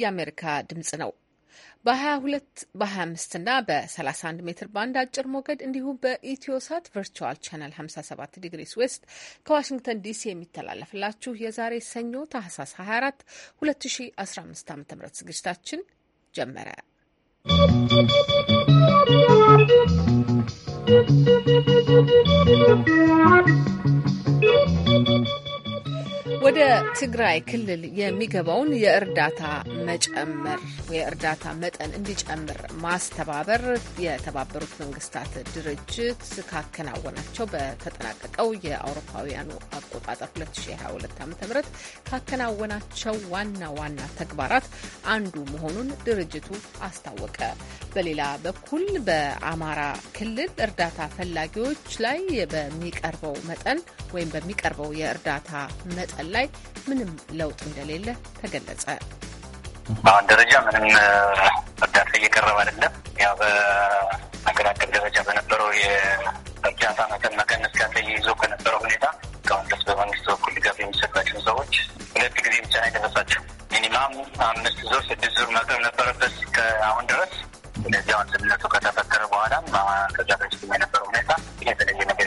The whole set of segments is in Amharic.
የአሜሪካ ድምጽ ነው። በ22 በ25 እና በ31 ሜትር ባንድ አጭር ሞገድ እንዲሁም በኢትዮሳት ቨርቹዋል ቻናል 57 ዲግሪስ ዌስት ከዋሽንግተን ዲሲ የሚተላለፍላችሁ የዛሬ ሰኞ ታህሳስ 24 2015 ዓ ም ዝግጅታችን ጀመረ። ¶¶ ወደ ትግራይ ክልል የሚገባውን የእርዳታ መጨመር የእርዳታ መጠን እንዲጨምር ማስተባበር የተባበሩት መንግስታት ድርጅት ካከናወናቸው በተጠናቀቀው የአውሮፓውያኑ አቆጣጠር 2022 ዓ ም ካከናወናቸው ዋና ዋና ተግባራት አንዱ መሆኑን ድርጅቱ አስታወቀ። በሌላ በኩል በአማራ ክልል እርዳታ ፈላጊዎች ላይ በሚቀርበው መጠን ወይም በሚቀርበው የእርዳታ መጠን ላይ ምንም ለውጥ እንደሌለ ተገለጸ። በአሁን ደረጃ ምንም እርዳታ እየቀረበ አይደለም። ያው በሀገር አቀፍ ደረጃ በነበረው የእርዳታ መጠን መቀነስ ጋር ተያይዞ ከነበረው ሁኔታ እስካሁን ድረስ በመንግስት በኩል ድጋፍ የሚሰጣቸው ሰዎች ሁለት ጊዜ ብቻ አይደረሳቸው ሚኒማም አምስት ዙር ስድስት ዙር መቅረብ ነበረበት ከአሁን ድረስ። ስለዚህ አሁን ስምነቱ ከተፈጠረ በኋላም ከዛ በፊት የነበረው ሁኔታ የተለየ ነገር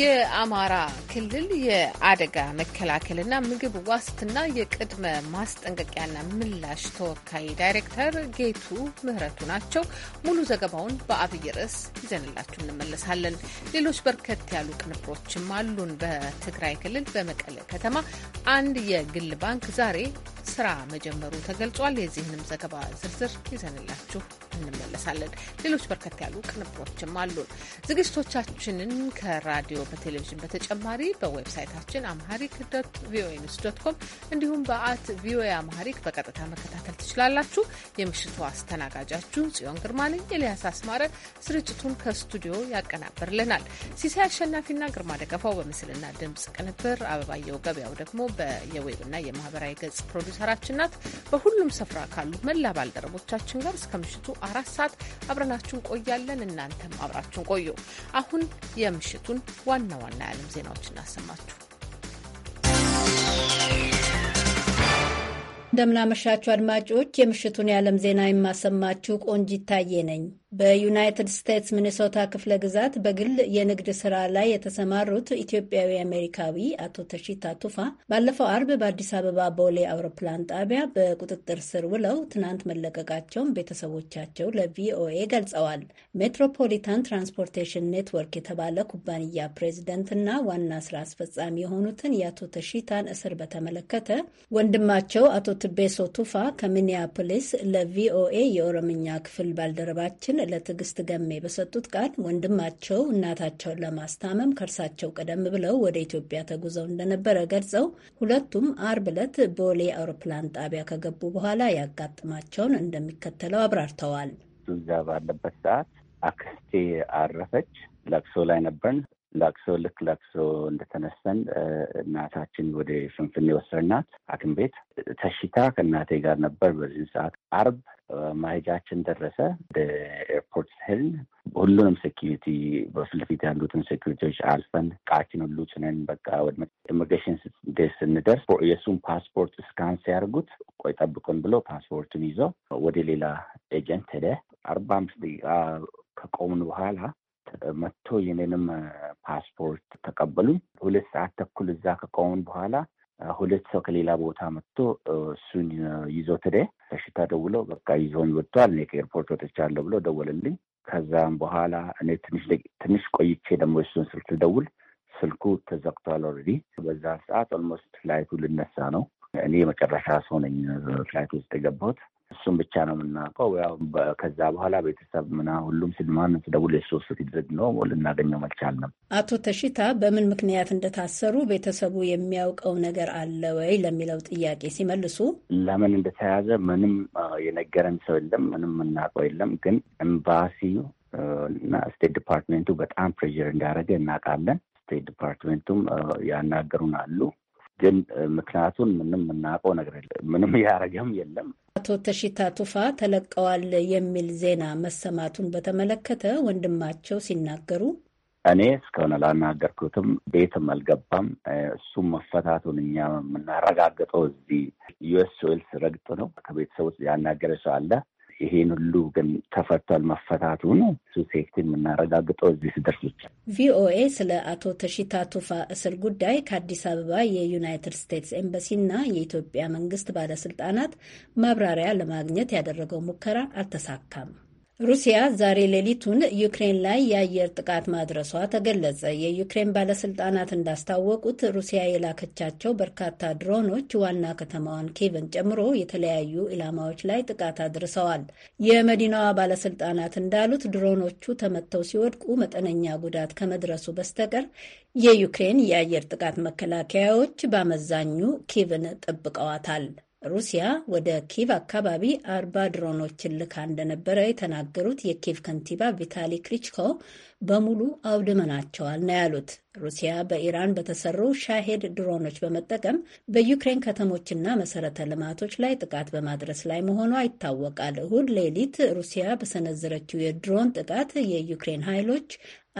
የአማራ ክልል የአደጋ መከላከልና ምግብ ዋስትና የቅድመ ማስጠንቀቂያና ምላሽ ተወካይ ዳይሬክተር ጌቱ ምህረቱ ናቸው። ሙሉ ዘገባውን በአብይ ርዕስ ይዘንላችሁ እንመለሳለን። ሌሎች በርከት ያሉ ቅንብሮችም አሉን። በትግራይ ክልል በመቀለ ከተማ አንድ የግል ባንክ ዛሬ ስራ መጀመሩ ተገልጿል። የዚህንም ዘገባ ዝርዝር ይዘንላችሁ እንመለሳለን። ሌሎች በርከት ያሉ ቅንብሮችም አሉ። ዝግጅቶቻችንን ከራዲዮ በቴሌቪዥን በተጨማሪ በዌብሳይታችን አምሃሪክ ዶት ቪኦኤ ኒውስ ዶት ኮም እንዲሁም በአት ቪኦኤ አምሃሪክ በቀጥታ መከታተል ትችላላችሁ። የምሽቱ አስተናጋጃችሁ ጽዮን ግርማን፣ ኤልያስ አስማረ ስርጭቱን ከስቱዲዮ ያቀናብርልናል። ሲሳይ አሸናፊና ግርማ ደገፋው በምስልና ድምጽ ቅንብር፣ አበባየው ገበያው ደግሞ በየዌብና የማህበራዊ ገጽ ፕሮዲሰራችን ናት። በሁሉም ስፍራ ካሉ መላ ባልደረቦቻችን ጋር እስከ ምሽቱ አራት ሰዓት አብረናችሁ እንቆያለን። እናንተም አብራችሁን ቆዩ። አሁን የምሽቱን ዋና ዋና የዓለም ዜናዎች እናሰማችሁ። እንደምናመሻችሁ አድማጮች፣ የምሽቱን የዓለም ዜና የማሰማችሁ ቆንጂት ታዬ ነኝ። በዩናይትድ ስቴትስ ሚኒሶታ ክፍለ ግዛት በግል የንግድ ስራ ላይ የተሰማሩት ኢትዮጵያዊ አሜሪካዊ አቶ ተሺታ ቱፋ ባለፈው አርብ በአዲስ አበባ ቦሌ አውሮፕላን ጣቢያ በቁጥጥር ስር ውለው ትናንት መለቀቃቸውን ቤተሰቦቻቸው ለቪኦኤ ገልጸዋል። ሜትሮፖሊታን ትራንስፖርቴሽን ኔትወርክ የተባለ ኩባንያ ፕሬዚደንትና ዋና ስራ አስፈጻሚ የሆኑትን የአቶ ተሺታን እስር በተመለከተ ወንድማቸው አቶ ትቤሶ ቱፋ ከሚኒያፖሊስ ለቪኦኤ የኦሮምኛ ክፍል ባልደረባችን ለትዕግስት ገሜ በሰጡት ቃል ወንድማቸው እናታቸውን ለማስታመም ከእርሳቸው ቀደም ብለው ወደ ኢትዮጵያ ተጉዘው እንደነበረ ገልጸው ሁለቱም አርብ ዕለት ቦሌ አውሮፕላን ጣቢያ ከገቡ በኋላ ያጋጥማቸውን እንደሚከተለው አብራርተዋል። እዛ ባለበት ሰዓት አክስቴ አረፈች። ለቅሶ ላይ ነበርን። ላክሶ ልክ ላክሶ እንደተነስተን እናታችን ወደ ፍንፍኔ ወሰድናት ሐኪም ቤት ተሽታ ከእናቴ ጋር ነበር። በዚህ ሰዓት አርብ ማሄጃችን ደረሰ። ወደ ኤርፖርት ስሄድ ሁሉንም ሴኪሪቲ በፊት ለፊት ያሉትን ሴኪሪቲዎች አልፈን ቃችን ሁሉ ጭነን በቃ ወደ ኢሚግሬሽን ዴስ ስንደርስ የእሱን ፓስፖርት እስካን ሲያደርጉት ቆይ ጠብቁን ብሎ ፓስፖርቱን ይዞ ወደ ሌላ ኤጀንት ሄደ። አርባ አምስት ደቂቃ ከቆምን በኋላ መጥቶ የኔንም ፓስፖርት ተቀበሉኝ። ሁለት ሰዓት ተኩል እዛ ከቆሙን በኋላ ሁለት ሰው ከሌላ ቦታ መጥቶ እሱን ይዞ ትደ ተሽታ ደውሎ በቃ ይዞን ወጥቷል፣ እኔ ከኤርፖርት ወጥቻለሁ ብሎ ደወለልኝ። ከዛም በኋላ እኔ ትንሽ ቆይቼ ደግሞ እሱን ስልክ ደውል ስልኩ ተዘግቷል። ኦልሬዲ በዛ ሰዓት ኦልሞስት ፍላይቱ ልነሳ ነው። እኔ የመጨረሻ ሰው ነኝ ፍላይት ውስጥ የገባሁት። እሱም ብቻ ነው የምናውቀው። ያው ከዛ በኋላ ቤተሰብ ምና ሁሉም ሲልማን ስደውል የሶስት ሲድረግ ነው ልናገኘው አልቻልንም። አቶ ተሽታ በምን ምክንያት እንደታሰሩ ቤተሰቡ የሚያውቀው ነገር አለ ወይ ለሚለው ጥያቄ ሲመልሱ ለምን እንደተያዘ ምንም የነገረን ሰው የለም፣ ምንም የምናውቀው የለም። ግን ኤምባሲው እና ስቴት ዲፓርትሜንቱ በጣም ፕሬዥር እንዳደረገ እናውቃለን። ስቴት ዲፓርትሜንቱም ያናገሩን አሉ ግን ምክንያቱን ምንም የምናውቀው ነገር የለም። ምንም ያረገም የለም። አቶ ተሽታ ቱፋ ተለቀዋል የሚል ዜና መሰማቱን በተመለከተ ወንድማቸው ሲናገሩ እኔ እስከሆነ ላናገርኩትም ቤትም አልገባም። እሱም መፈታቱን እኛ የምናረጋግጠው እዚህ ዩኤስ ዌልስ ረግጥ ነው። ከቤተሰብ ውስጥ ያናገረ ሰው አለ። ይሄን ሁሉ ግን ተፈቷል። መፈታቱ ነው ሴክት የምናረጋግጠው እዚህ ስደርስ ብቻ። ቪኦኤ ስለ አቶ ተሽታ ቱፋ እስር ጉዳይ ከአዲስ አበባ የዩናይትድ ስቴትስ ኤምባሲና የኢትዮጵያ መንግስት ባለስልጣናት ማብራሪያ ለማግኘት ያደረገው ሙከራ አልተሳካም። ሩሲያ ዛሬ ሌሊቱን ዩክሬን ላይ የአየር ጥቃት ማድረሷ ተገለጸ። የዩክሬን ባለስልጣናት እንዳስታወቁት ሩሲያ የላከቻቸው በርካታ ድሮኖች ዋና ከተማዋን ኬቭን ጨምሮ የተለያዩ ኢላማዎች ላይ ጥቃት አድርሰዋል። የመዲናዋ ባለስልጣናት እንዳሉት ድሮኖቹ ተመተው ሲወድቁ መጠነኛ ጉዳት ከመድረሱ በስተቀር የዩክሬን የአየር ጥቃት መከላከያዎች በአመዛኙ ኬቭን ጠብቀዋታል። ሩሲያ ወደ ኪቭ አካባቢ አርባ ድሮኖችን ልካ እንደነበረ የተናገሩት የኪቭ ከንቲባ ቪታሊ ክሪችኮ በሙሉ አውድመናቸዋል ነው ያሉት። ሩሲያ በኢራን በተሰሩ ሻሄድ ድሮኖች በመጠቀም በዩክሬን ከተሞችና መሰረተ ልማቶች ላይ ጥቃት በማድረስ ላይ መሆኗ ይታወቃል። እሁድ ሌሊት ሩሲያ በሰነዘረችው የድሮን ጥቃት የዩክሬን ኃይሎች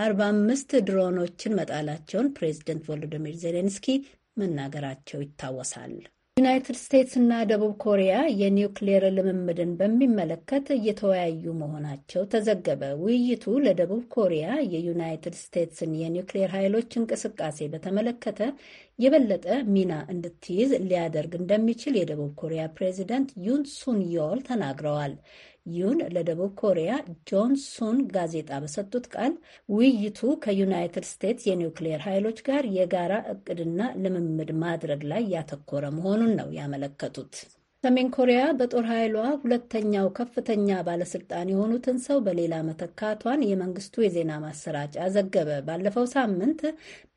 አርባ አምስት ድሮኖችን መጣላቸውን ፕሬዚደንት ቮሎዲሚር ዜሌንስኪ መናገራቸው ይታወሳል። ዩናይትድ ስቴትስ እና ደቡብ ኮሪያ የኒውክሌር ልምምድን በሚመለከት እየተወያዩ መሆናቸው ተዘገበ። ውይይቱ ለደቡብ ኮሪያ የዩናይትድ ስቴትስን የኒውክሌር ኃይሎች እንቅስቃሴ በተመለከተ የበለጠ ሚና እንድትይዝ ሊያደርግ እንደሚችል የደቡብ ኮሪያ ፕሬዚደንት ዩን ሱን ዮል ተናግረዋል። ዩን ለደቡብ ኮሪያ ጆንሱን ጋዜጣ በሰጡት ቃል ውይይቱ ከዩናይትድ ስቴትስ የኒውክሌር ኃይሎች ጋር የጋራ እቅድና ልምምድ ማድረግ ላይ ያተኮረ መሆኑን ነው ያመለከቱት። ሰሜን ኮሪያ በጦር ኃይሏ ሁለተኛው ከፍተኛ ባለስልጣን የሆኑትን ሰው በሌላ መተካቷን የመንግስቱ የዜና ማሰራጫ ዘገበ። ባለፈው ሳምንት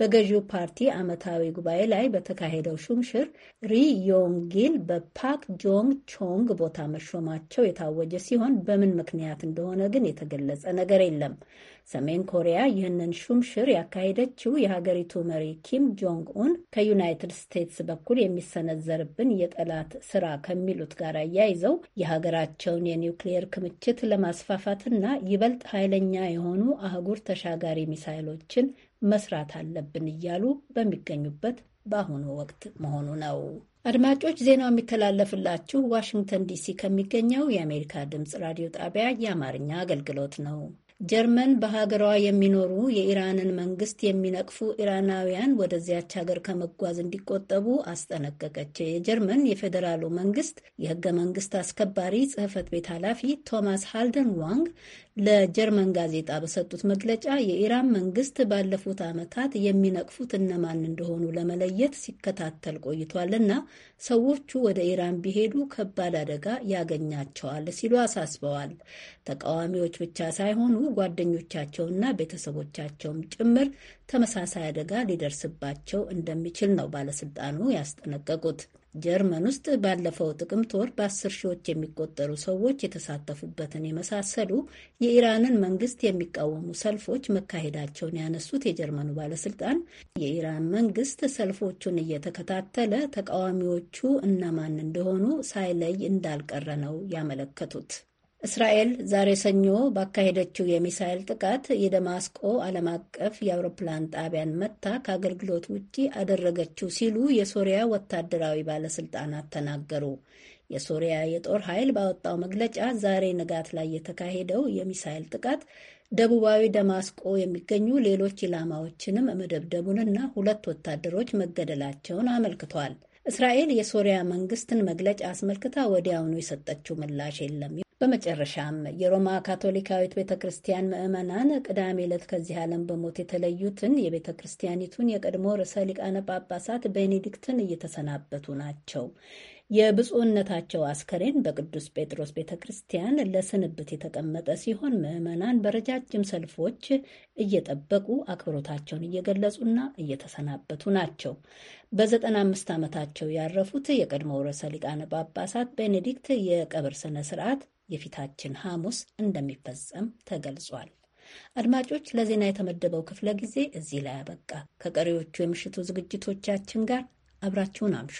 በገዢው ፓርቲ ዓመታዊ ጉባኤ ላይ በተካሄደው ሹምሽር ሪ ዮንጊል በፓክ ጆንግ ቾንግ ቦታ መሾማቸው የታወጀ ሲሆን በምን ምክንያት እንደሆነ ግን የተገለጸ ነገር የለም። ሰሜን ኮሪያ ይህንን ሹምሽር ያካሄደችው የሀገሪቱ መሪ ኪም ጆንግ ኡን ከዩናይትድ ስቴትስ በኩል የሚሰነዘርብን የጠላት ስራ ከሚሉት ጋር አያይዘው የሀገራቸውን የኒውክሌየር ክምችት ለማስፋፋትና ይበልጥ ኃይለኛ የሆኑ አህጉር ተሻጋሪ ሚሳይሎችን መስራት አለብን እያሉ በሚገኙበት በአሁኑ ወቅት መሆኑ ነው። አድማጮች፣ ዜናው የሚተላለፍላችሁ ዋሽንግተን ዲሲ ከሚገኘው የአሜሪካ ድምፅ ራዲዮ ጣቢያ የአማርኛ አገልግሎት ነው። ጀርመን በሀገሯ የሚኖሩ የኢራንን መንግስት የሚነቅፉ ኢራናውያን ወደዚያች ሀገር ከመጓዝ እንዲቆጠቡ አስጠነቀቀች። የጀርመን የፌዴራሉ መንግስት የህገ መንግስት አስከባሪ ጽህፈት ቤት ኃላፊ ቶማስ ሃልደን ዋንግ ለጀርመን ጋዜጣ በሰጡት መግለጫ የኢራን መንግስት ባለፉት ዓመታት የሚነቅፉት እነማን እንደሆኑ ለመለየት ሲከታተል ቆይቷልና ሰዎቹ ወደ ኢራን ቢሄዱ ከባድ አደጋ ያገኛቸዋል ሲሉ አሳስበዋል። ተቃዋሚዎች ብቻ ሳይሆኑ ጓደኞቻቸውና ቤተሰቦቻቸውም ጭምር ተመሳሳይ አደጋ ሊደርስባቸው እንደሚችል ነው ባለስልጣኑ ያስጠነቀቁት። ጀርመን ውስጥ ባለፈው ጥቅምት ወር በአስር ሺዎች የሚቆጠሩ ሰዎች የተሳተፉበትን የመሳሰሉ የኢራንን መንግስት የሚቃወሙ ሰልፎች መካሄዳቸውን ያነሱት የጀርመኑ ባለስልጣን የኢራን መንግስት ሰልፎቹን እየተከታተለ ተቃዋሚዎቹ እነማን እንደሆኑ ሳይለይ እንዳልቀረ ነው ያመለከቱት። እስራኤል ዛሬ ሰኞ ባካሄደችው የሚሳኤል ጥቃት የደማስቆ ዓለም አቀፍ የአውሮፕላን ጣቢያን መታ ከአገልግሎት ውጪ አደረገችው ሲሉ የሶሪያ ወታደራዊ ባለስልጣናት ተናገሩ። የሶሪያ የጦር ኃይል ባወጣው መግለጫ ዛሬ ንጋት ላይ የተካሄደው የሚሳኤል ጥቃት ደቡባዊ ደማስቆ የሚገኙ ሌሎች ኢላማዎችንም መደብደቡንና ሁለት ወታደሮች መገደላቸውን አመልክቷል። እስራኤል የሶሪያ መንግስትን መግለጫ አስመልክታ ወዲያውኑ የሰጠችው ምላሽ የለም። በመጨረሻም የሮማ ካቶሊካዊት ቤተ ክርስቲያን ምዕመናን ቅዳሜ ዕለት ከዚህ ዓለም በሞት የተለዩትን የቤተ ክርስቲያኒቱን የቀድሞ ርዕሰ ሊቃነ ጳጳሳት ቤኔዲክትን እየተሰናበቱ ናቸው። የብፁዕነታቸው አስከሬን በቅዱስ ጴጥሮስ ቤተ ክርስቲያን ለስንብት የተቀመጠ ሲሆን ምዕመናን በረጃጅም ሰልፎች እየጠበቁ አክብሮታቸውን እየገለጹና እየተሰናበቱ ናቸው። በ95 ዓመታቸው ያረፉት የቀድሞው ርዕሰ ሊቃነ ጳጳሳት ቤኔዲክት የቀብር ስነ ስርዓት የፊታችን ሐሙስ እንደሚፈጸም ተገልጿል። አድማጮች፣ ለዜና የተመደበው ክፍለ ጊዜ እዚህ ላይ አበቃ። ከቀሪዎቹ የምሽቱ ዝግጅቶቻችን ጋር አብራችሁን አምሹ።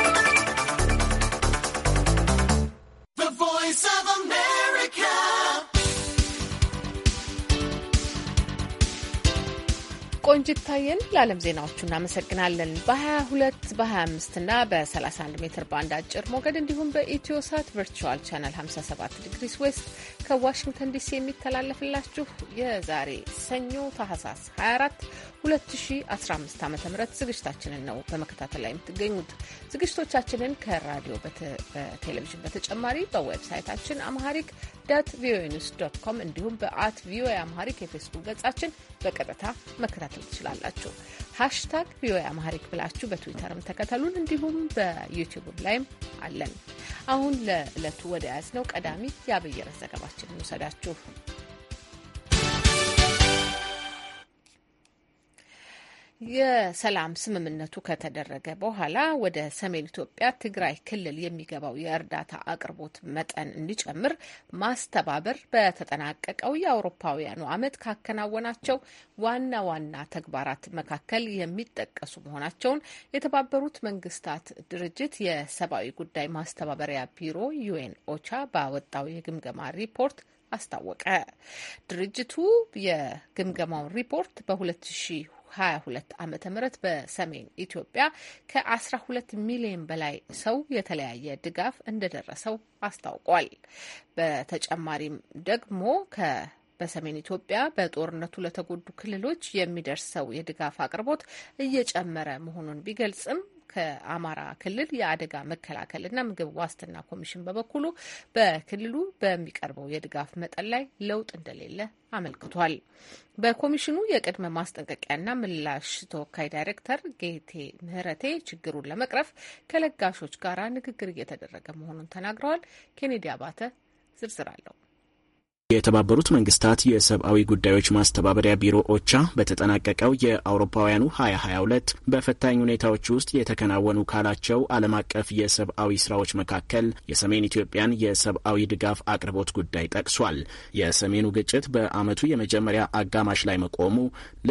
ቆንጂታየን ለዓለም ዜናዎቹ እናመሰግናለን። በ22 በ25 እና በ31 ሜትር ባንድ አጭር ሞገድ እንዲሁም ሳት ቨርቹዋል ቻናል 57 ዲግሪስ ዌስት ከዋሽንግተን ዲሲ የሚተላለፍላችሁ የዛሬ ሰኞ ታህሳስ 24 2015 ዓ ም ዝግጅታችንን ነው በመከታተል ላይ የምትገኙት። ዝግጅቶቻችንን ከራዲዮ በቴሌቪዥን በተጨማሪ በዌብሳይታችን አምሃሪክ ዳት ቪኦኤ ኒውስ ዶት ኮም እንዲሁም በአት ቪኦኤ አምሃሪክ የፌስቡክ ገጻችን በቀጥታ መከታተል ትችላላችሁ። ሃሽታግ ቪኦኤ አማሪክ ብላችሁ በትዊተርም ተከተሉን። እንዲሁም በዩቲዩብም ላይም አለን። አሁን ለዕለቱ ወደ ያዝ ነው ቀዳሚ የአብየረት ዘገባችን እንውሰዳችሁ። የሰላም ስምምነቱ ከተደረገ በኋላ ወደ ሰሜን ኢትዮጵያ ትግራይ ክልል የሚገባው የእርዳታ አቅርቦት መጠን እንዲጨምር ማስተባበር በተጠናቀቀው የአውሮፓውያኑ ዓመት ካከናወናቸው ዋና ዋና ተግባራት መካከል የሚጠቀሱ መሆናቸውን የተባበሩት መንግስታት ድርጅት የሰብአዊ ጉዳይ ማስተባበሪያ ቢሮ ዩኤን ኦቻ ባወጣው የግምገማ ሪፖርት አስታወቀ። ድርጅቱ የግምገማውን ሪፖርት በ2000 2022 ዓ ም በሰሜን ኢትዮጵያ ከ12 ሚሊዮን በላይ ሰው የተለያየ ድጋፍ እንደደረሰው አስታውቋል። በተጨማሪም ደግሞ ከ በሰሜን ኢትዮጵያ በጦርነቱ ለተጎዱ ክልሎች የሚደርሰው የድጋፍ አቅርቦት እየጨመረ መሆኑን ቢገልጽም ከአማራ ክልል የአደጋ መከላከልና ምግብ ዋስትና ኮሚሽን በበኩሉ በክልሉ በሚቀርበው የድጋፍ መጠን ላይ ለውጥ እንደሌለ አመልክቷል። በኮሚሽኑ የቅድመ ማስጠንቀቂያና ምላሽ ተወካይ ዳይሬክተር ጌቴ ምህረቴ ችግሩን ለመቅረፍ ከለጋሾች ጋር ንግግር እየተደረገ መሆኑን ተናግረዋል። ኬኔዲ አባተ ዝርዝር አለው። የተባበሩት መንግስታት የሰብአዊ ጉዳዮች ማስተባበሪያ ቢሮ ኦቻ በተጠናቀቀው የአውሮፓውያኑ 2022 በፈታኝ ሁኔታዎች ውስጥ የተከናወኑ ካላቸው ዓለም አቀፍ የሰብአዊ ስራዎች መካከል የሰሜን ኢትዮጵያን የሰብአዊ ድጋፍ አቅርቦት ጉዳይ ጠቅሷል። የሰሜኑ ግጭት በዓመቱ የመጀመሪያ አጋማሽ ላይ መቆሙ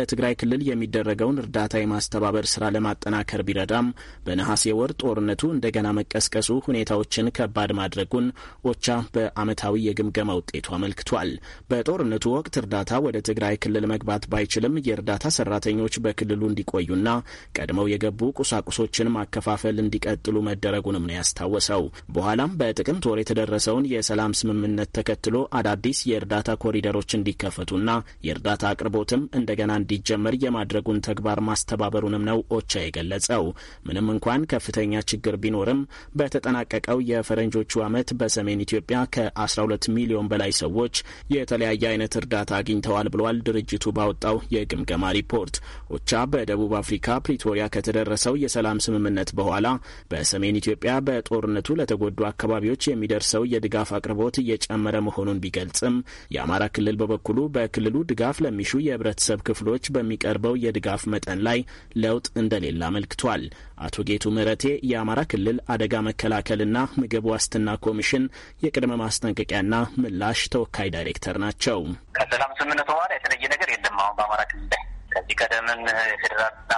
ለትግራይ ክልል የሚደረገውን እርዳታ የማስተባበር ስራ ለማጠናከር ቢረዳም በነሐሴ ወር ጦርነቱ እንደገና መቀስቀሱ ሁኔታዎችን ከባድ ማድረጉን ኦቻ በዓመታዊ የግምገማ ውጤቱ አመልክቷል። ተዘጋጅቷል። በጦርነቱ ወቅት እርዳታ ወደ ትግራይ ክልል መግባት ባይችልም የእርዳታ ሰራተኞች በክልሉ እንዲቆዩና ቀድመው የገቡ ቁሳቁሶችን ማከፋፈል እንዲቀጥሉ መደረጉንም ነው ያስታወሰው። በኋላም በጥቅምት ወር የተደረሰውን የሰላም ስምምነት ተከትሎ አዳዲስ የእርዳታ ኮሪደሮች እንዲከፈቱና የእርዳታ አቅርቦትም እንደገና እንዲጀመር የማድረጉን ተግባር ማስተባበሩንም ነው ኦቻ የገለጸው። ምንም እንኳን ከፍተኛ ችግር ቢኖርም በተጠናቀቀው የፈረንጆቹ ዓመት በሰሜን ኢትዮጵያ ከ12 ሚሊዮን በላይ ሰዎች የተለያየ አይነት እርዳታ አግኝተዋል ብሏል ድርጅቱ ባወጣው የግምገማ ሪፖርት። ኦቻ በደቡብ አፍሪካ ፕሪቶሪያ ከተደረሰው የሰላም ስምምነት በኋላ በሰሜን ኢትዮጵያ በጦርነቱ ለተጎዱ አካባቢዎች የሚደርሰው የድጋፍ አቅርቦት እየጨመረ መሆኑን ቢገልጽም የአማራ ክልል በበኩሉ በክልሉ ድጋፍ ለሚሹ የህብረተሰብ ክፍሎች በሚቀርበው የድጋፍ መጠን ላይ ለውጥ እንደሌለ አመልክቷል። አቶ ጌቱ ምረቴ የአማራ ክልል አደጋ መከላከልና ምግብ ዋስትና ኮሚሽን የቅድመ ማስጠንቀቂያና ምላሽ ተወካይ ተባባሪ ዳይሬክተር ናቸው። ከሰላም ስምምነቱ በኋላ የተለየ ነገር የለም። አሁን በአማራ ክልል ላይ ከዚህ ቀደምን የፌዴራልና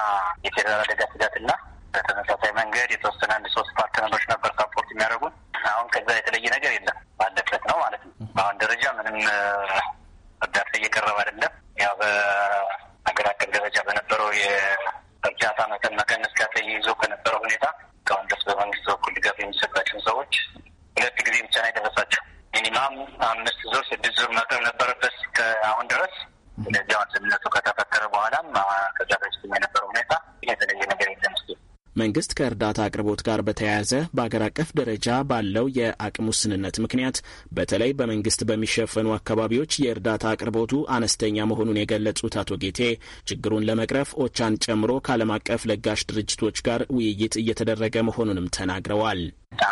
የፌዴራል አደጋ ስጋትና በተመሳሳይ መንገድ የተወሰነ አንድ ሶስት ፓርትነሮች ነበር ሳፖርት የሚያደርጉን። አሁን ከዛ የተለየ ነገር የለም ባለበት ነው ማለት ነው። በአሁን ደረጃ ምንም እርዳታ እየቀረበ አይደለም። ያው በሀገር አቀፍ ደረጃ በነበረው የእርዳታ መጠን መቀነስ ጋር ተያይዞ ከነበረው ሁኔታ እስካሁን ድረስ በመንግስት በኩል ድጋፍ የሚሰጣቸውን ሰዎች ሁለት ጊዜ ብቻ ነው የደረሳቸው። ሚኒማም አምስት ዙር ስድስት ዙር መቅረብ ነበረበት ከአሁን ድረስ። ስለዚህ አሁን ከተፈጠረ በኋላም ከዛ በፊት የነበረው ሁኔታ የተለየ ነገር የለም። መንግስት ከእርዳታ አቅርቦት ጋር በተያያዘ በአገር አቀፍ ደረጃ ባለው የአቅም ውስንነት ምክንያት በተለይ በመንግስት በሚሸፈኑ አካባቢዎች የእርዳታ አቅርቦቱ አነስተኛ መሆኑን የገለጹት አቶ ጌቴ ችግሩን ለመቅረፍ ኦቻን ጨምሮ ከዓለም አቀፍ ለጋሽ ድርጅቶች ጋር ውይይት እየተደረገ መሆኑንም ተናግረዋል።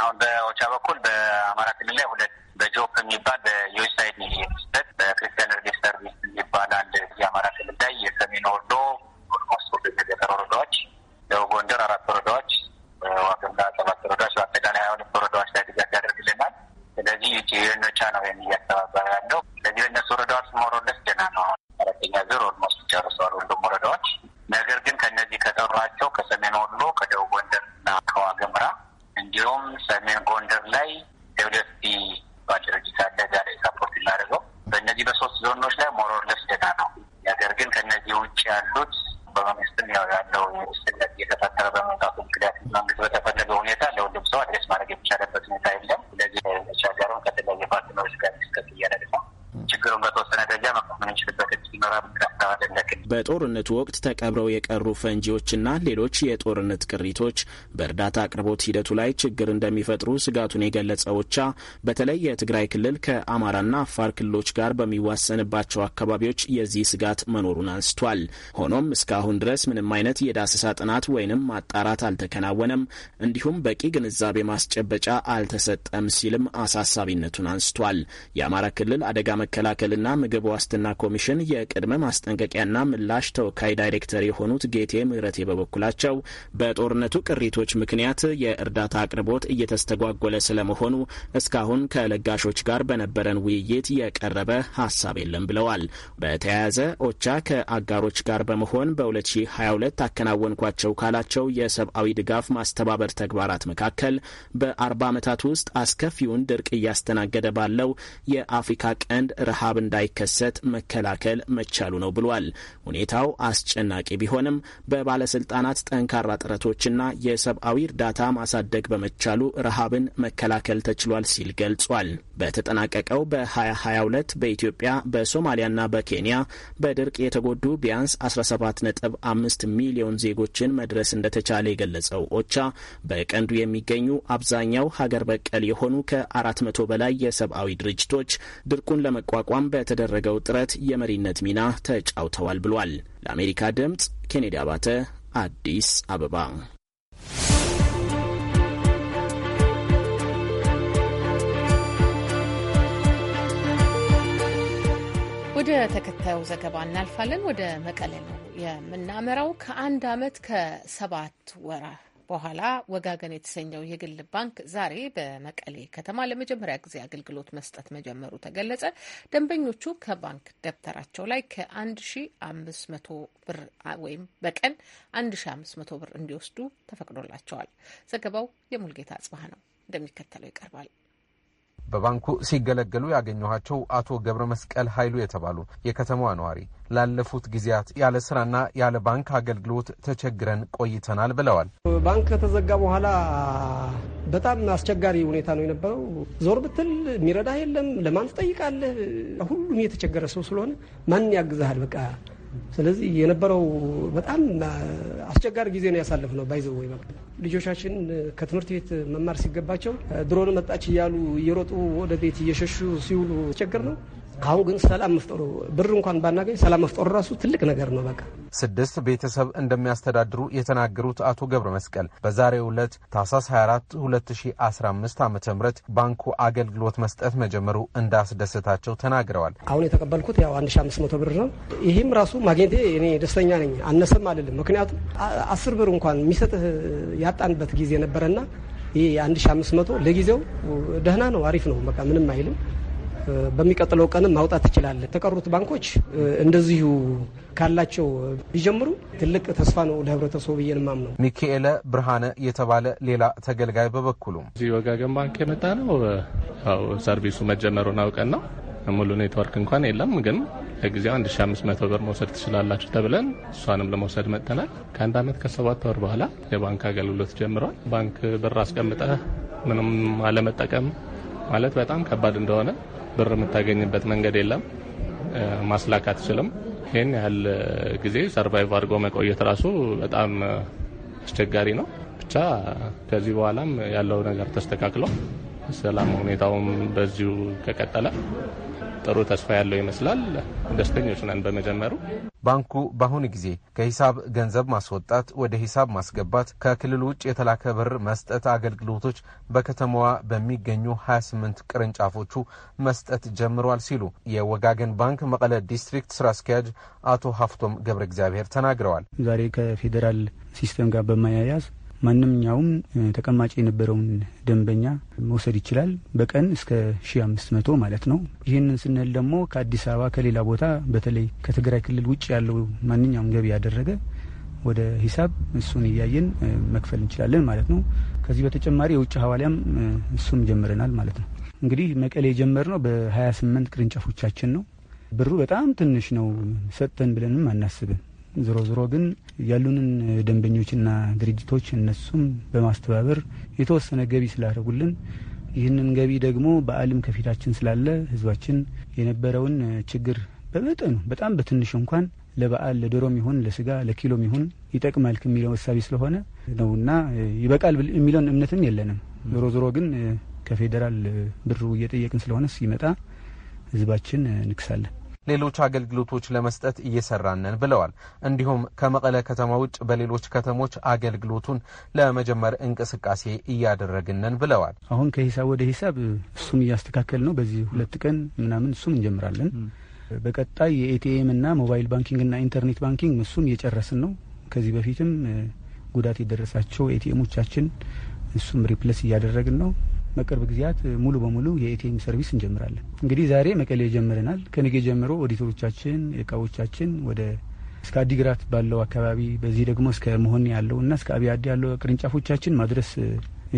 አሁን በኦቻ በኩል በአማራ ክልል ላይ ሁለት በጆፕ የሚባል በዩኤስአይዲ ሚኒስተር በክርስቲያን ሪሊፍ ሰርቪስ ይባላል። የአማራ ክልል ላይ የሰሜን ወሎ ኦልሞስት ሁሉ የገጠር ወረዳዎች፣ ደቡብ ጎንደር አራት ወረዳዎች፣ ዋግምራ ሰባት ወረዳዎች፣ በአጠቃላይ ሀያ ሁለት ወረዳዎች ላይ ድጋፍ ያደርግልናል። ስለዚህ ዩቲኖቻ ነው ወይም እያስተባበረ ያለው። ስለዚህ በእነሱ ወረዳዎች መሮለስ ደህና ነው። አራተኛ ዙር ኦልሞስት ጨርሰዋል ሁሉም ወረዳዎች። ነገር ግን ከእነዚህ ከጠሯቸው ከሰሜን ወሎ ከደቡብ ጎንደር እና ከዋግምራ እንዲሁም ሰሜን ጎንደር ላይ ዞኖች ላይ ሞሮርለስ ደና ነው። ነገር ግን ከነዚህ ውጭ ያሉት በመንግስትም ያው ያለው ስለት እየተፈጠረ በመምጣቱ ምክንያት መንግስት በተፈለገ ሁኔታ ለሁሉም ሰው አድሬስ ማድረግ የሚቻለበት ሁኔታ የለም። ስለዚህ ሻገሩን ከተለያየ ፓርትነሮች ጋር ስከት እያደረግ ነው ችግሩን በተወሰነ ደረጃ መቆም እንችልበት ሲኖራ በጦርነቱ ወቅት ተቀብረው የቀሩ ፈንጂዎችና ሌሎች የጦርነት ቅሪቶች በእርዳታ አቅርቦት ሂደቱ ላይ ችግር እንደሚፈጥሩ ስጋቱን የገለጸ ኦቻ በተለይ የትግራይ ክልል ከአማራና አፋር ክልሎች ጋር በሚዋሰንባቸው አካባቢዎች የዚህ ስጋት መኖሩን አንስቷል። ሆኖም እስካሁን ድረስ ምንም አይነት የዳሰሳ ጥናት ወይንም ማጣራት አልተከናወነም፣ እንዲሁም በቂ ግንዛቤ ማስጨበጫ አልተሰጠም ሲልም አሳሳቢነቱን አንስቷል። የአማራ ክልል አደጋ መከላከልና ምግብ ዋስትና ኮሚሽን የቅድመ ማስጠንቀቂያና ምላሽ ተወካይ ዳይሬክተር የሆኑት ጌቴ ምህረቴ በበኩላቸው በጦርነቱ ቅሪቶች ግጭቶች ምክንያት የእርዳታ አቅርቦት እየተስተጓጎለ ስለመሆኑ እስካሁን ከለጋሾች ጋር በነበረን ውይይት የቀረበ ሀሳብ የለም ብለዋል። በተያያዘ ኦቻ ከአጋሮች ጋር በመሆን በ2022 አከናወንኳቸው ካላቸው የሰብአዊ ድጋፍ ማስተባበር ተግባራት መካከል በአርባ ዓመታት ውስጥ አስከፊውን ድርቅ እያስተናገደ ባለው የአፍሪካ ቀንድ ረሃብ እንዳይከሰት መከላከል መቻሉ ነው ብሏል። ሁኔታው አስጨናቂ ቢሆንም በባለስልጣናት ጠንካራ ጥረቶችና የሰብ ሰብአዊ እርዳታ ማሳደግ በመቻሉ ረሃብን መከላከል ተችሏል ሲል ገልጿል። በተጠናቀቀው በ2022 በኢትዮጵያ በሶማሊያና በኬንያ በድርቅ የተጎዱ ቢያንስ 17.5 ሚሊዮን ዜጎችን መድረስ እንደተቻለ የገለጸው ኦቻ በቀንዱ የሚገኙ አብዛኛው ሀገር በቀል የሆኑ ከ400 በላይ የሰብአዊ ድርጅቶች ድርቁን ለመቋቋም በተደረገው ጥረት የመሪነት ሚና ተጫውተዋል ብሏል። ለአሜሪካ ድምጽ ኬኔዲ አባተ አዲስ አበባ ወደ ተከታዩ ዘገባ እናልፋለን። ወደ መቀሌ ነው የምናመራው። ከአንድ ዓመት ከሰባት ወራ በኋላ ወጋገን የተሰኘው የግል ባንክ ዛሬ በመቀሌ ከተማ ለመጀመሪያ ጊዜ አገልግሎት መስጠት መጀመሩ ተገለጸ። ደንበኞቹ ከባንክ ደብተራቸው ላይ ከ1500 ብር ወይም በቀን 1500 ብር እንዲወስዱ ተፈቅዶላቸዋል። ዘገባው የሙልጌታ አጽባህ ነው፣ እንደሚከተለው ይቀርባል። በባንኩ ሲገለገሉ ያገኘኋቸው አቶ ገብረ መስቀል ኃይሉ የተባሉ የከተማዋ ነዋሪ ላለፉት ጊዜያት ያለ ስራና ያለ ባንክ አገልግሎት ተቸግረን ቆይተናል ብለዋል። ባንክ ከተዘጋ በኋላ በጣም አስቸጋሪ ሁኔታ ነው የነበረው። ዞር ብትል የሚረዳ የለም። ለማን ትጠይቃለህ? ሁሉም የተቸገረ ሰው ስለሆነ ማን ያግዛሃል? በቃ ስለዚህ የነበረው በጣም አስቸጋሪ ጊዜ ነው ያሳልፍ ነው ባይዘው ወይ ልጆቻችን ከትምህርት ቤት መማር ሲገባቸው ድሮን መጣች እያሉ እየሮጡ ወደ ቤት እየሸሹ ሲውሉ ቸግር ነው። ከአሁን ግን ሰላም መፍጠሩ ብር እንኳን ባናገኝ ሰላም መፍጠሩ ራሱ ትልቅ ነገር ነው። በቃ ስድስት ቤተሰብ እንደሚያስተዳድሩ የተናገሩት አቶ ገብረ መስቀል በዛሬው ዕለት ታህሳስ 24 2015 ዓ ም ባንኩ አገልግሎት መስጠት መጀመሩ እንዳስደሰታቸው ተናግረዋል። አሁን የተቀበልኩት ያው 1500 ብር ነው። ይህም ራሱ ማግኘቴ እኔ ደስተኛ ነኝ፣ አነሰም አልልም። ምክንያቱም አስር ብር እንኳን የሚሰጥህ ያጣንበት ጊዜ ነበረና ይህ 1500 ለጊዜው ደህና ነው፣ አሪፍ ነው። በቃ ምንም አይልም። በሚቀጥለው ቀንም ማውጣት ትችላለን። የተቀሩት ባንኮች እንደዚሁ ካላቸው ቢጀምሩ ትልቅ ተስፋ ነው ለህብረተሰቡ ብዬ ነው ሚካኤለ ብርሃነ የተባለ ሌላ ተገልጋይ በበኩሉም እዚህ ወጋገን ባንክ የመጣ ነው ሰርቪሱ መጀመሩን አውቀን ነው። ሙሉ ኔትወርክ እንኳን የለም ግን ለጊዜው 1500 ብር መውሰድ ትችላላችሁ ተብለን እሷንም ለመውሰድ መጥተናል። ከአንድ ዓመት ከሰባት ወር በኋላ የባንክ አገልግሎት ጀምሯል። ባንክ ብር አስቀምጠህ ምንም አለመጠቀም ማለት በጣም ከባድ እንደሆነ ብር የምታገኝበት መንገድ የለም። ማስላክ አትችልም። ይህን ያህል ጊዜ ሰርቫይቭ አድርጎ መቆየት ራሱ በጣም አስቸጋሪ ነው። ብቻ ከዚህ በኋላም ያለው ነገር ተስተካክሎ ሰላም ሁኔታውም በዚሁ ከቀጠለ ጥሩ ተስፋ ያለው ይመስላል። ደስተኞች ነን በመጀመሩ። ባንኩ በአሁኑ ጊዜ ከሂሳብ ገንዘብ ማስወጣት ወደ ሂሳብ ማስገባት፣ ከክልል ውጭ የተላከ ብር መስጠት አገልግሎቶች በከተማዋ በሚገኙ 28 ቅርንጫፎቹ መስጠት ጀምሯል ሲሉ የወጋገን ባንክ መቀለ ዲስትሪክት ስራ አስኪያጅ አቶ ሀፍቶም ገብረ እግዚአብሔር ተናግረዋል። ዛሬ ከፌዴራል ሲስተም ጋር በማያያዝ ማንኛውም ተቀማጭ የነበረውን ደንበኛ መውሰድ ይችላል። በቀን እስከ ሺ አምስት መቶ ማለት ነው። ይህንን ስንል ደግሞ ከአዲስ አበባ ከሌላ ቦታ በተለይ ከትግራይ ክልል ውጭ ያለው ማንኛውም ገቢ ያደረገ ወደ ሂሳብ እሱን እያየን መክፈል እንችላለን ማለት ነው። ከዚህ በተጨማሪ የውጭ ሀዋሊያም እሱም ጀምረናል ማለት ነው። እንግዲህ መቀሌ የጀመርነው በ28 ቅርንጫፎቻችን ነው። ብሩ በጣም ትንሽ ነው። ሰጠን ብለንም አናስብም። ዞሮ ዞሮ ግን ያሉንን ደንበኞችና ድርጅቶች እነሱም በማስተባበር የተወሰነ ገቢ ስላደረጉልን ይህንን ገቢ ደግሞ በዓልም ከፊታችን ስላለ ህዝባችን የነበረውን ችግር በመጠኑ በጣም በትንሽ እንኳን ለበዓል ለዶሮም ይሁን ለስጋ ለኪሎም ይሁን ይጠቅማል ከሚለው እሳቤ ስለሆነ ነውና ይበቃል የሚለውን እምነትም የለንም። ዞሮ ዞሮ ግን ከፌዴራል ብሩ እየጠየቅን ስለሆነ ሲመጣ ህዝባችን እንክሳለን። ሌሎች አገልግሎቶች ለመስጠት እየሰራንን ብለዋል። እንዲሁም ከመቀለ ከተማ ውጭ በሌሎች ከተሞች አገልግሎቱን ለመጀመር እንቅስቃሴ እያደረግንን ብለዋል። አሁን ከሂሳብ ወደ ሂሳብ እሱም እያስተካከል ነው። በዚህ ሁለት ቀን ምናምን እሱም እንጀምራለን። በቀጣይ የኤቲኤም እና ሞባይል ባንኪንግ እና ኢንተርኔት ባንኪንግ እሱም እየጨረስን ነው። ከዚህ በፊትም ጉዳት የደረሳቸው ኤቲኤሞቻችን እሱም ሪፕለስ እያደረግን ነው። በቅርብ ጊዜያት ሙሉ በሙሉ የኤቲኤም ሰርቪስ እንጀምራለን። እንግዲህ ዛሬ መቀሌ ጀምረናል። ከነገ ጀምሮ ኦዲተሮቻችን እቃዎቻችን ወደ እስከ አዲግራት ባለው አካባቢ በዚህ ደግሞ እስከ መሆን ያለው እና እስከ አብያዲ ያለው ቅርንጫፎቻችን ማድረስ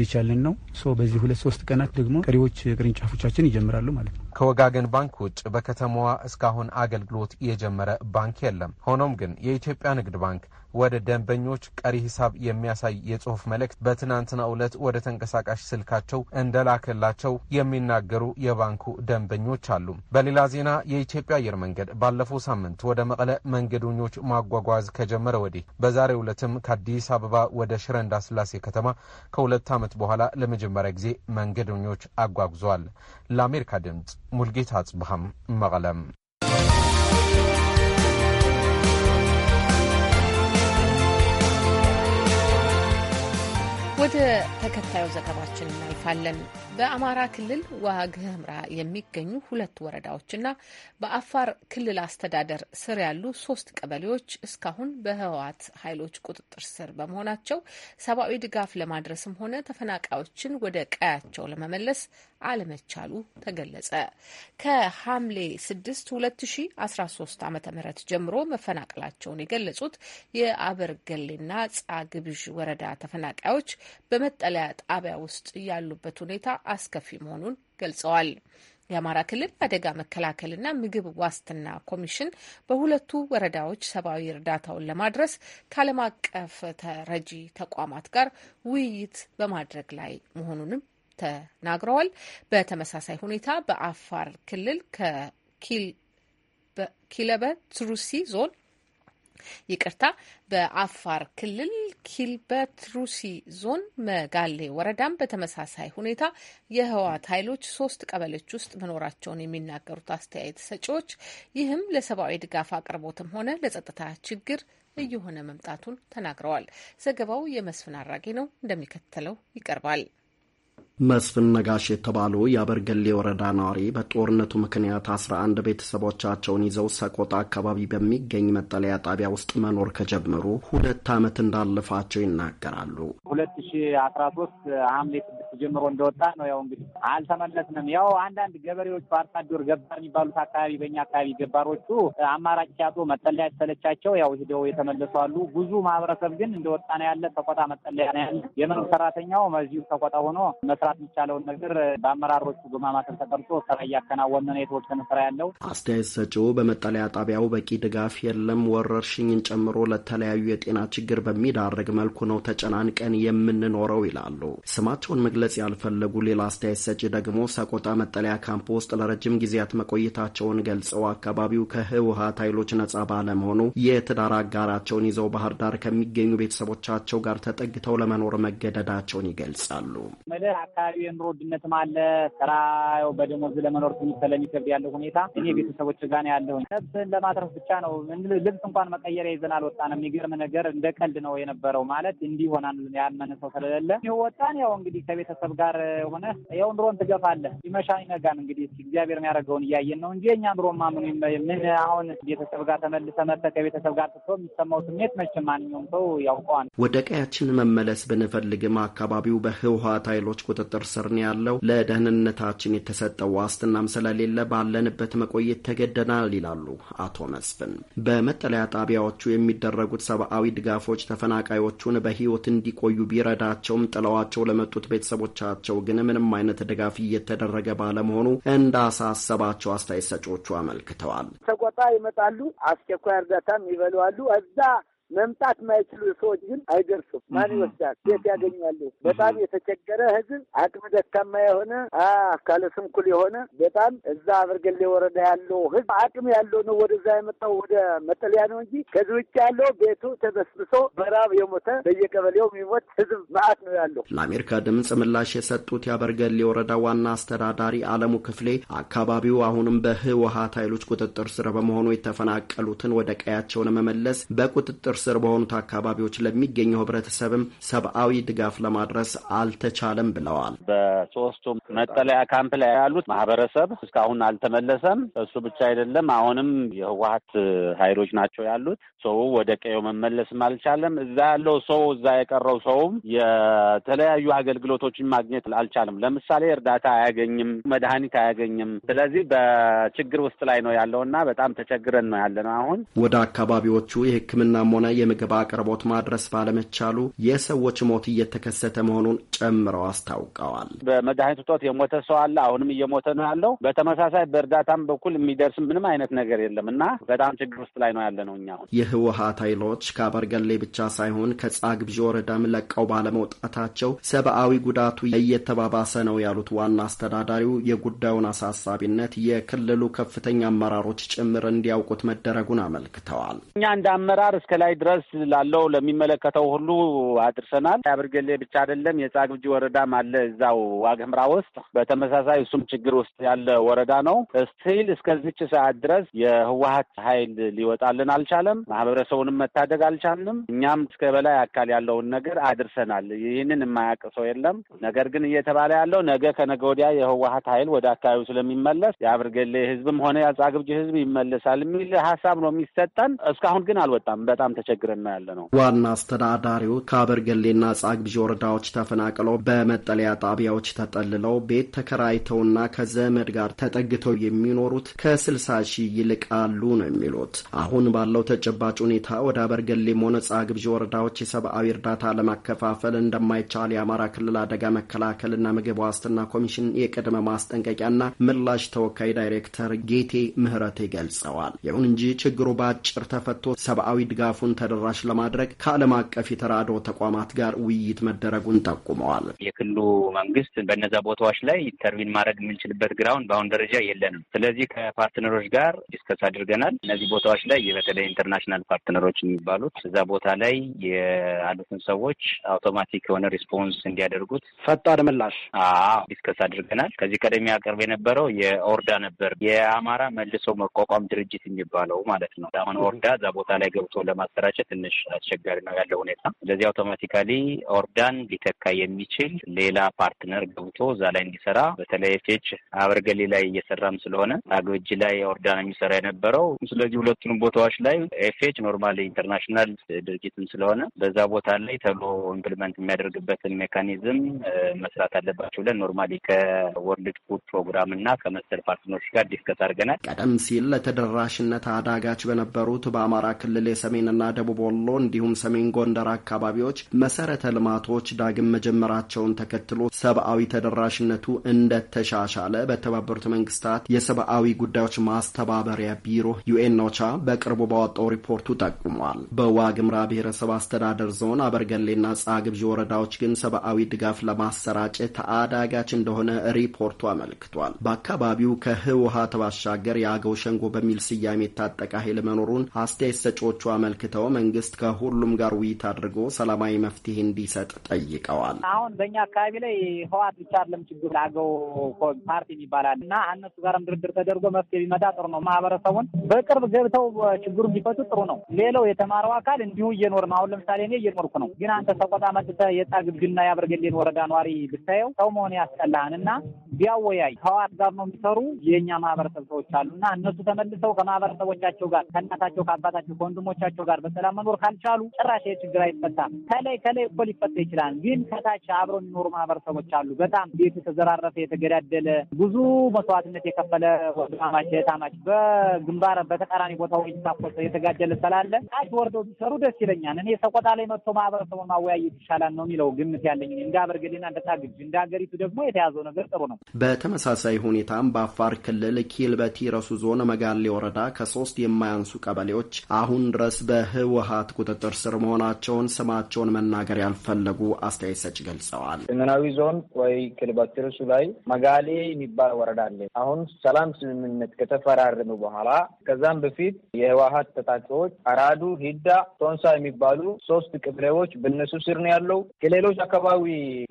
የቻለን ነው። በዚህ ሁለት ሶስት ቀናት ደግሞ ቀሪዎች ቅርንጫፎቻችን ይጀምራሉ ማለት ነው። ከወጋገን ባንክ ውጭ በከተማዋ እስካሁን አገልግሎት የጀመረ ባንክ የለም። ሆኖም ግን የኢትዮጵያ ንግድ ባንክ ወደ ደንበኞች ቀሪ ሂሳብ የሚያሳይ የጽሑፍ መልእክት በትናንትና ዕለት ወደ ተንቀሳቃሽ ስልካቸው እንደላከላቸው የሚናገሩ የባንኩ ደንበኞች አሉ። በሌላ ዜና የኢትዮጵያ አየር መንገድ ባለፈው ሳምንት ወደ መቀለ መንገደኞች ማጓጓዝ ከጀመረ ወዲህ በዛሬው ዕለትም ከአዲስ አበባ ወደ ሽረ እንዳስላሴ ከተማ ከሁለት ዓመት በኋላ ለመጀመሪያ ጊዜ መንገደኞች አጓጉዘዋል። ለአሜሪካ ድምፅ ሙልጌታ አጽብሃም መቐለም ወደ ተከታዩ ዘገባችን እናልፋለን። በአማራ ክልል ዋግ ህምራ የሚገኙ ሁለት ወረዳዎችና በአፋር ክልል አስተዳደር ስር ያሉ ሶስት ቀበሌዎች እስካሁን በህወሓት ኃይሎች ቁጥጥር ስር በመሆናቸው ሰብአዊ ድጋፍ ለማድረስም ሆነ ተፈናቃዮችን ወደ ቀያቸው ለመመለስ አለመቻሉ ተገለጸ። ከሐምሌ 6 2013 ዓ ም ጀምሮ መፈናቀላቸውን የገለጹት የአበርገሌና ጻግብዥ ወረዳ ተፈናቃዮች በመጠለያ ጣቢያ ውስጥ ያሉበት ሁኔታ አስከፊ መሆኑን ገልጸዋል። የአማራ ክልል አደጋ መከላከልና ምግብ ዋስትና ኮሚሽን በሁለቱ ወረዳዎች ሰብአዊ እርዳታውን ለማድረስ ከዓለም አቀፍ ተረጂ ተቋማት ጋር ውይይት በማድረግ ላይ መሆኑንም ተናግረዋል። በተመሳሳይ ሁኔታ በአፋር ክልል ከኪለበ ትሩሲ ዞን ይቅርታ በአፋር ክልል ኪልበትሩሲ ዞን መጋሌ ወረዳም በተመሳሳይ ሁኔታ የህወሓት ኃይሎች ሶስት ቀበሌዎች ውስጥ መኖራቸውን የሚናገሩት አስተያየት ሰጪዎች ይህም ለሰብአዊ ድጋፍ አቅርቦትም ሆነ ለጸጥታ ችግር እየሆነ መምጣቱን ተናግረዋል። ዘገባው የመስፍን አራጌ ነው፣ እንደሚከተለው ይቀርባል። መስፍን ነጋሽ የተባሉ የአበርገሌ ወረዳ ነዋሪ በጦርነቱ ምክንያት አስራ አንድ ቤተሰቦቻቸውን ይዘው ሰቆጣ አካባቢ በሚገኝ መጠለያ ጣቢያ ውስጥ መኖር ከጀመሩ ሁለት ዓመት እንዳለፋቸው ይናገራሉ። ሁለት ሺ አስራ ሶስት ሐምሌ ስድስት ጀምሮ እንደወጣ ነው ያው እንግዲህ አልተመለስንም። ያው አንዳንድ ገበሬዎቹ አርሶ አደር ገባር የሚባሉት አካባቢ በእኛ አካባቢ ገባሮቹ አማራጭ ሲያጡ መጠለያ የተሰለቻቸው ያው ሂደው የተመለሱ አሉ። ብዙ ማህበረሰብ ግን እንደወጣ ነው ያለ። ሰቆጣ መጠለያ ነው ያለ። የመኖር ሰራተኛው በዚሁ ሰቆጣ ሆኖ መስራት መስራት የሚቻለውን ነገር በአመራሮቹ በማማከር ተቀምጦ ስራ እያከናወነ የተወሰነ ስራ ያለው። አስተያየት ሰጪው በመጠለያ ጣቢያው በቂ ድጋፍ የለም፣ ወረርሽኝን ጨምሮ ለተለያዩ የጤና ችግር በሚዳርግ መልኩ ነው ተጨናንቀን የምንኖረው ይላሉ። ስማቸውን መግለጽ ያልፈለጉ ሌላ አስተያየት ሰጪ ደግሞ ሰቆጣ መጠለያ ካምፕ ውስጥ ለረጅም ጊዜያት መቆየታቸውን ገልጸው አካባቢው ከህወሀት ኃይሎች ነጻ ባለመሆኑ የትዳር አጋራቸውን ይዘው ባህር ዳር ከሚገኙ ቤተሰቦቻቸው ጋር ተጠግተው ለመኖር መገደዳቸውን ይገልጻሉ። አካባቢው የኑሮ ውድነትም አለ። ስራ በደሞዝ ለመኖር ትንሽ ስለሚከብድ ያለው ሁኔታ እኔ ቤተሰቦች ጋር ነው ያለሁኝ። ነፍስን ለማትረፍ ብቻ ነው። ልብስ እንኳን መቀየሪያ ይዘን አልወጣንም። የሚገርም ነገር እንደ ቀልድ ነው የነበረው ማለት እንዲህ ሆናል ያመነ ሰው ስለሌለ ወጣን። ያው እንግዲህ ከቤተሰብ ጋር ሆነ ያው ኑሮን ትገፋለህ። ይመሻል ይነጋን እንግዲህ እግዚአብሔር የሚያደርገውን እያየን ነው እንጂ የእኛ ኑሮ ማምኑ ምን አሁን ቤተሰብ ጋር ተመልሰ መጥተህ ከቤተሰብ ጋር ስትሆን የሚሰማው ስሜት መቼም ማንኛውም ሰው ያውቀዋል። ወደ ቀያችን መመለስ ብንፈልግም አካባቢው በህወሀት ኃይሎች ቁጥር ቁጥጥር ስር ነው ያለው። ለደህንነታችን የተሰጠው ዋስትናም ስለሌለ ባለንበት መቆየት ተገደናል ይላሉ አቶ መስፍን። በመጠለያ ጣቢያዎቹ የሚደረጉት ሰብአዊ ድጋፎች ተፈናቃዮቹን በህይወት እንዲቆዩ ቢረዳቸውም ጥለዋቸው ለመጡት ቤተሰቦቻቸው ግን ምንም አይነት ድጋፍ እየተደረገ ባለመሆኑ እንዳሳሰባቸው አስተያየት ሰጪዎቹ አመልክተዋል። ተቆጣ ይመጣሉ፣ አስቸኳይ እርዳታም ይበለዋሉ። እዛ መምጣት ማይችሉ ሰዎች ግን አይደርሱም። ማን ይወስዳል? ቤት ያገኛሉ። በጣም የተቸገረ ህዝብ፣ አቅም ደካማ የሆነ አካለ ስንኩል የሆነ በጣም እዛ አበርገሌ ወረዳ ያለው ህዝብ አቅም ያለው ነው ወደዛ የመጣው ወደ መጠለያ ነው እንጂ ከዚህ ውጭ ያለው ቤቱ ተበስብሶ በራብ የሞተ በየቀበሌው የሚሞት ህዝብ መዓት ነው ያለው። ለአሜሪካ ድምጽ ምላሽ የሰጡት የአበርገሌ ወረዳ ዋና አስተዳዳሪ አለሙ ክፍሌ አካባቢው አሁንም በህወሀት ኃይሎች ቁጥጥር ስር በመሆኑ የተፈናቀሉትን ወደ ቀያቸው ለመመለስ በቁጥጥር ስር በሆኑት አካባቢዎች ለሚገኘው ህብረተሰብም ሰብአዊ ድጋፍ ለማድረስ አልተቻለም ብለዋል። በሶስቱም መጠለያ ካምፕ ላይ ያሉት ማህበረሰብ እስካሁን አልተመለሰም። እሱ ብቻ አይደለም፣ አሁንም የህወሀት ኃይሎች ናቸው ያሉት። ሰው ወደ ቀየው መመለስም አልቻለም። እዛ ያለው ሰው እዛ የቀረው ሰውም የተለያዩ አገልግሎቶችን ማግኘት አልቻለም። ለምሳሌ እርዳታ አያገኝም፣ መድኃኒት አያገኝም። ስለዚህ በችግር ውስጥ ላይ ነው ያለውና በጣም ተቸግረን ነው ነው አሁን ወደ አካባቢዎቹ የህክምናም ሆነ የምግብ አቅርቦት ማድረስ ባለመቻሉ የሰዎች ሞት እየተከሰተ መሆኑን ጨምረው አስታውቀዋል። በመድኃኒት እጦት የሞተ ሰው አለ፣ አሁንም እየሞተ ነው ያለው። በተመሳሳይ በእርዳታም በኩል የሚደርስ ምንም አይነት ነገር የለም እና በጣም ችግር ውስጥ ላይ ነው ያለ ነው። እኛ አሁን የህወሀት ኃይሎች ከአበርገሌ ብቻ ሳይሆን ከጻግብዥ ወረዳም ለቀው ባለመውጣታቸው ሰብአዊ ጉዳቱ እየተባባሰ ነው ያሉት ዋና አስተዳዳሪው የጉዳዩን አሳሳቢነት የክልሉ ከፍተኛ አመራሮች ጭምር እንዲያውቁት መደረጉን አመልክተዋል። እኛ እንደ አመራር እስከ ላይ ድረስ ላለው ለሚመለከተው ሁሉ አድርሰናል። አብርገሌ ብቻ አይደለም፣ የጻግብጂ ወረዳም አለ እዛው ዋግምራ ውስጥ በተመሳሳይ እሱም ችግር ውስጥ ያለ ወረዳ ነው። ስቲል እስከዚች ሰዓት ድረስ የህወሀት ኃይል ሊወጣልን አልቻለም። ማህበረሰቡንም መታደግ አልቻልንም። እኛም እስከ በላይ አካል ያለውን ነገር አድርሰናል። ይህንን የማያውቅ ሰው የለም። ነገር ግን እየተባለ ያለው ነገ ከነገ ወዲያ የህወሀት ኃይል ወደ አካባቢው ስለሚመለስ የአብርገሌ ህዝብም ሆነ የጻግብጂ ህዝብ ይመለሳል የሚል ሀሳብ ነው የሚሰጠን። እስካሁን ግን አልወጣም። በጣም ተቸግረና ያለ ነው። ዋና አስተዳዳሪው ከአበርገሌና ጻግብዥ ወረዳዎች ተፈናቅለው በመጠለያ ጣቢያዎች ተጠልለው ቤት ተከራይተውና ከዘመድ ጋር ተጠግተው የሚኖሩት ከስልሳ ሺህ ይልቃሉ ነው የሚሉት። አሁን ባለው ተጨባጭ ሁኔታ ወደ አበርገሌም ሆነ ጻግብዥ ወረዳዎች የሰብአዊ እርዳታ ለማከፋፈል እንደማይቻል የአማራ ክልል አደጋ መከላከልና ምግብ ዋስትና ኮሚሽን የቅድመ ማስጠንቀቂያና ምላሽ ተወካይ ዳይሬክተር ጌቴ ምህረቴ ገልጸዋል። ይሁን እንጂ ችግሩ በአጭር ተፈቶ ሰብአዊ ድጋፉን አገልግሎቱን ተደራሽ ለማድረግ ከዓለም አቀፍ የተራድኦ ተቋማት ጋር ውይይት መደረጉን ጠቁመዋል። የክልሉ መንግስት በነዛ ቦታዎች ላይ ኢንተርቪን ማድረግ የምንችልበት ግራውንድ በአሁን ደረጃ የለንም። ስለዚህ ከፓርትነሮች ጋር ዲስከስ አድርገናል። እነዚህ ቦታዎች ላይ በተለይ ኢንተርናሽናል ፓርትነሮች የሚባሉት እዛ ቦታ ላይ ያሉትን ሰዎች አውቶማቲክ የሆነ ሪስፖንስ እንዲያደርጉት ፈጣን ምላሽ ዲስከስ አድርገናል። ከዚህ ቀደም ያቀርብ የነበረው የኦርዳ ነበር የአማራ መልሶ መቋቋም ድርጅት የሚባለው ማለት ነው። አሁን ኦርዳ እዛ ቦታ ላይ ገብቶ ለማሰ ማሰራጨት ትንሽ አስቸጋሪ ነው ያለው ሁኔታ። ስለዚህ አውቶማቲካሊ ኦርዳን ሊተካ የሚችል ሌላ ፓርትነር ገብቶ እዛ ላይ እንዲሰራ በተለይ ፌች አበርገሌ ላይ እየሰራም ስለሆነ አግብጅ ላይ ኦርዳን የሚሰራ የነበረው ስለዚህ ሁለቱንም ቦታዎች ላይ ኤፍኤች ኖርማል ኢንተርናሽናል ድርጅትም ስለሆነ በዛ ቦታ ላይ ተብሎ ኢምፕሊመንት የሚያደርግበትን ሜካኒዝም መስራት አለባቸው ብለን ኖርማሊ ከወርልድ ፉድ ፕሮግራም እና ከመሰል ፓርትነሮች ጋር ዲስከስ አድርገናል። ቀደም ሲል ለተደራሽነት አዳጋች በነበሩት በአማራ ክልል የሰሜንና ደቡብ ወሎ እንዲሁም ሰሜን ጎንደር አካባቢዎች መሰረተ ልማቶች ዳግም መጀመራቸውን ተከትሎ ሰብአዊ ተደራሽነቱ እንደተሻሻለ በተባበሩት መንግስታት የሰብአዊ ጉዳዮች ማስተባበሪያ ቢሮ ዩኤን ኦቻ በቅርቡ ባወጣው ሪፖርቱ ጠቁሟል። በዋግምራ ብሔረሰብ አስተዳደር ዞን አበርገሌና ጻግብዥ ወረዳዎች ግን ሰብአዊ ድጋፍ ለማሰራጨት አዳጋች እንደሆነ ሪፖርቱ አመልክቷል። በአካባቢው ከህወሀት ባሻገር የአገው ሸንጎ በሚል ስያሜ የታጠቀ ኃይል መኖሩን አስተያየት ሰጪዎቹ አመልክተው አክለው መንግስት ከሁሉም ጋር ውይይት አድርጎ ሰላማዊ መፍትሄ እንዲሰጥ ጠይቀዋል። አሁን በእኛ አካባቢ ላይ ህዋት ብቻ አይደለም ችግር ላገው ፓርቲ ይባላል እና እነሱ ጋርም ድርድር ተደርጎ መፍትሄ ቢመጣ ጥሩ ነው። ማህበረሰቡን በቅርብ ገብተው ችግሩ ቢፈቱ ጥሩ ነው። ሌላው የተማረው አካል እንዲሁ እየኖር ነው። አሁን ለምሳሌ እኔ እየኖርኩ ነው፣ ግን አንተ ሰቆጣ መጥተ የጣ ግብግና የአበርገሌን ወረዳ ነዋሪ ብታየው ሰው መሆን ያስጠላህን እና ቢያወያይ ህዋት ጋር ነው የሚሰሩ የእኛ ማህበረሰብ ሰዎች አሉ እና እነሱ ተመልሰው ከማህበረሰቦቻቸው ጋር ከእናታቸው ከአባታቸው ከወንድሞቻቸው ጋር በሰላም መኖር ካልቻሉ ጭራሽ ችግር አይፈታም። ከላይ ከላይ እኮ ሊፈታ ይችላል፣ ግን ከታች አብሮ የሚኖሩ ማህበረሰቦች አሉ። በጣም ቤቱ የተዘራረፈ የተገዳደለ ብዙ መስዋዕትነት የከፈለ ወንድማማች እህታማች በግንባር በተቃራኒ ቦታ ወይ የተጋደለ ስላለ ታች ወርዶ ቢሰሩ ደስ ይለኛል። እኔ ሰቆጣ ላይ መጥቶ ማህበረሰቡን ማወያየት ይሻላል ነው የሚለው ግምት ያለኝ እንደ አበርገሌና እንደ ጣግጅ እንደ ሀገሪቱ ደግሞ የተያዘው ነገር ጥሩ ነው። በተመሳሳይ ሁኔታም በአፋር ክልል ኪልበቲ ረሱ ዞን መጋሌ ወረዳ ከሶስት የማያንሱ ቀበሌዎች አሁን ድረስ በህ በህወሀት ቁጥጥር ስር መሆናቸውን ስማቸውን መናገር ያልፈለጉ አስተያየት ሰጭ ገልጸዋል። ሰሜናዊ ዞን ወይ ርሱ ላይ መጋሌ የሚባል ወረዳ አለ። አሁን ሰላም ስምምነት ከተፈራረመ በኋላ ከዛም በፊት የህወሀት ታጣቂዎች አራዱ፣ ሂዳ፣ ቶንሳ የሚባሉ ሶስት ቀበሌዎች በነሱ ስር ነው ያለው። ከሌሎች አካባቢ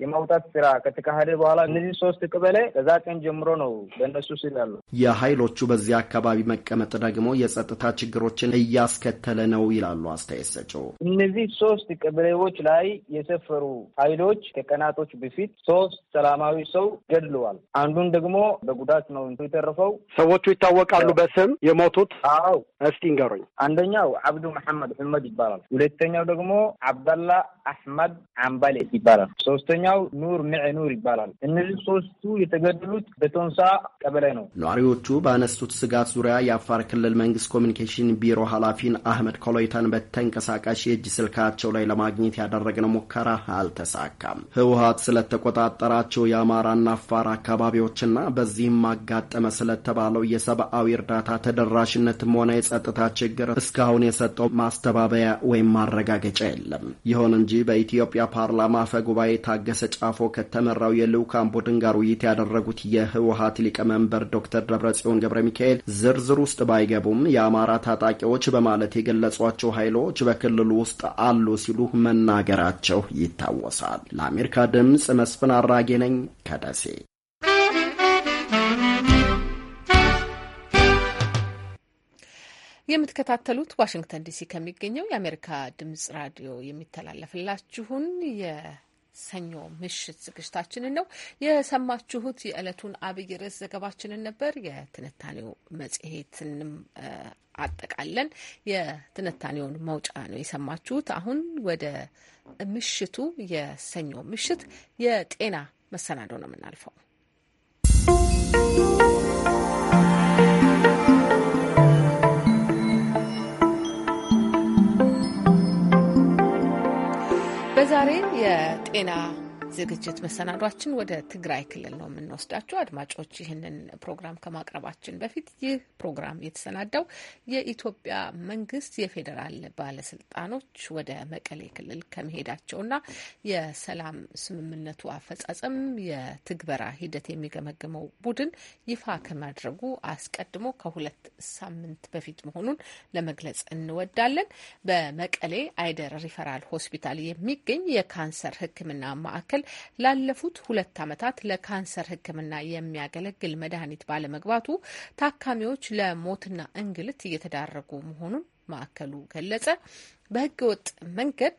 የማውጣት ስራ ከተካሄደ በኋላ እነዚህ ሶስት ቅበሌ ከዛ ቀን ጀምሮ ነው በነሱ ስር ያለው። የኃይሎቹ በዚህ አካባቢ መቀመጥ ደግሞ የጸጥታ ችግሮችን እያስከተለ ነው ይላሉ ይላሉ አስተያየት ሰጪው። እነዚህ ሶስት ቀበሌዎች ላይ የሰፈሩ ኃይሎች ከቀናቶች በፊት ሶስት ሰላማዊ ሰው ገድለዋል። አንዱን ደግሞ በጉዳት ነው የተረፈው። ሰዎቹ ይታወቃሉ በስም የሞቱት? አዎ። እስቲ እንገሩኝ። አንደኛው አብዱ መሐመድ ሕመድ ይባላል። ሁለተኛው ደግሞ አብዳላ አሕመድ አምባሌ ይባላል። ሶስተኛው ኑር ምዕ ኑር ይባላል። እነዚህ ሶስቱ የተገደሉት በቶንሳ ቀበሌ ነው። ነዋሪዎቹ ባነሱት ስጋት ዙሪያ የአፋር ክልል መንግስት ኮሚኒኬሽን ቢሮ ኃላፊን አህመድ ኮሎይታ መረጃን በተንቀሳቃሽ የእጅ ስልካቸው ላይ ለማግኘት ያደረግነው ሙከራ አልተሳካም። ህወሀት ስለተቆጣጠራቸው የአማራና አፋር አካባቢዎችና በዚህም አጋጠመ ስለተባለው የሰብአዊ እርዳታ ተደራሽነትም ሆነ የጸጥታ ችግር እስካሁን የሰጠው ማስተባበያ ወይም ማረጋገጫ የለም። ይሁን እንጂ በኢትዮጵያ ፓርላማ አፈ ጉባኤ ታገሰ ጫፎ ከተመራው የልዑካን ቡድን ጋር ውይይት ያደረጉት የህወሀት ሊቀመንበር ዶክተር ደብረጽዮን ገብረ ሚካኤል ዝርዝር ውስጥ ባይገቡም የአማራ ታጣቂዎች በማለት የገለጿቸው ኃይሎች በክልሉ ውስጥ አሉ ሲሉ መናገራቸው ይታወሳል። ለአሜሪካ ድምፅ መስፍን አራጌ ነኝ ከደሴ። የምትከታተሉት ዋሽንግተን ዲሲ ከሚገኘው የአሜሪካ ድምጽ ራዲዮ የሚተላለፍላችሁን ሰኞ ምሽት ዝግጅታችንን ነው የሰማችሁት። የዕለቱን አብይ ርዕስ ዘገባችንን ነበር። የትንታኔው መጽሔትንም አጠቃለን የትንታኔውን መውጫ ነው የሰማችሁት። አሁን ወደ ምሽቱ የሰኞ ምሽት የጤና መሰናዶ ነው የምናልፈው። በዛሬ የጤና ዝግጅት መሰናዷችን ወደ ትግራይ ክልል ነው የምንወስዳቸው። አድማጮች ይህንን ፕሮግራም ከማቅረባችን በፊት ይህ ፕሮግራም የተሰናዳው የኢትዮጵያ መንግስት የፌዴራል ባለስልጣኖች ወደ መቀሌ ክልል ከመሄዳቸውና የሰላም ስምምነቱ አፈጻጸም የትግበራ ሂደት የሚገመግመው ቡድን ይፋ ከማድረጉ አስቀድሞ ከሁለት ሳምንት በፊት መሆኑን ለመግለጽ እንወዳለን። በመቀሌ አይደር ሪፈራል ሆስፒታል የሚገኝ የካንሰር ሕክምና ማዕከል መካከል ላለፉት ሁለት ዓመታት ለካንሰር ሕክምና የሚያገለግል መድኃኒት ባለመግባቱ ታካሚዎች ለሞትና እንግልት እየተዳረጉ መሆኑን ማዕከሉ ገለጸ። በህገወጥ መንገድ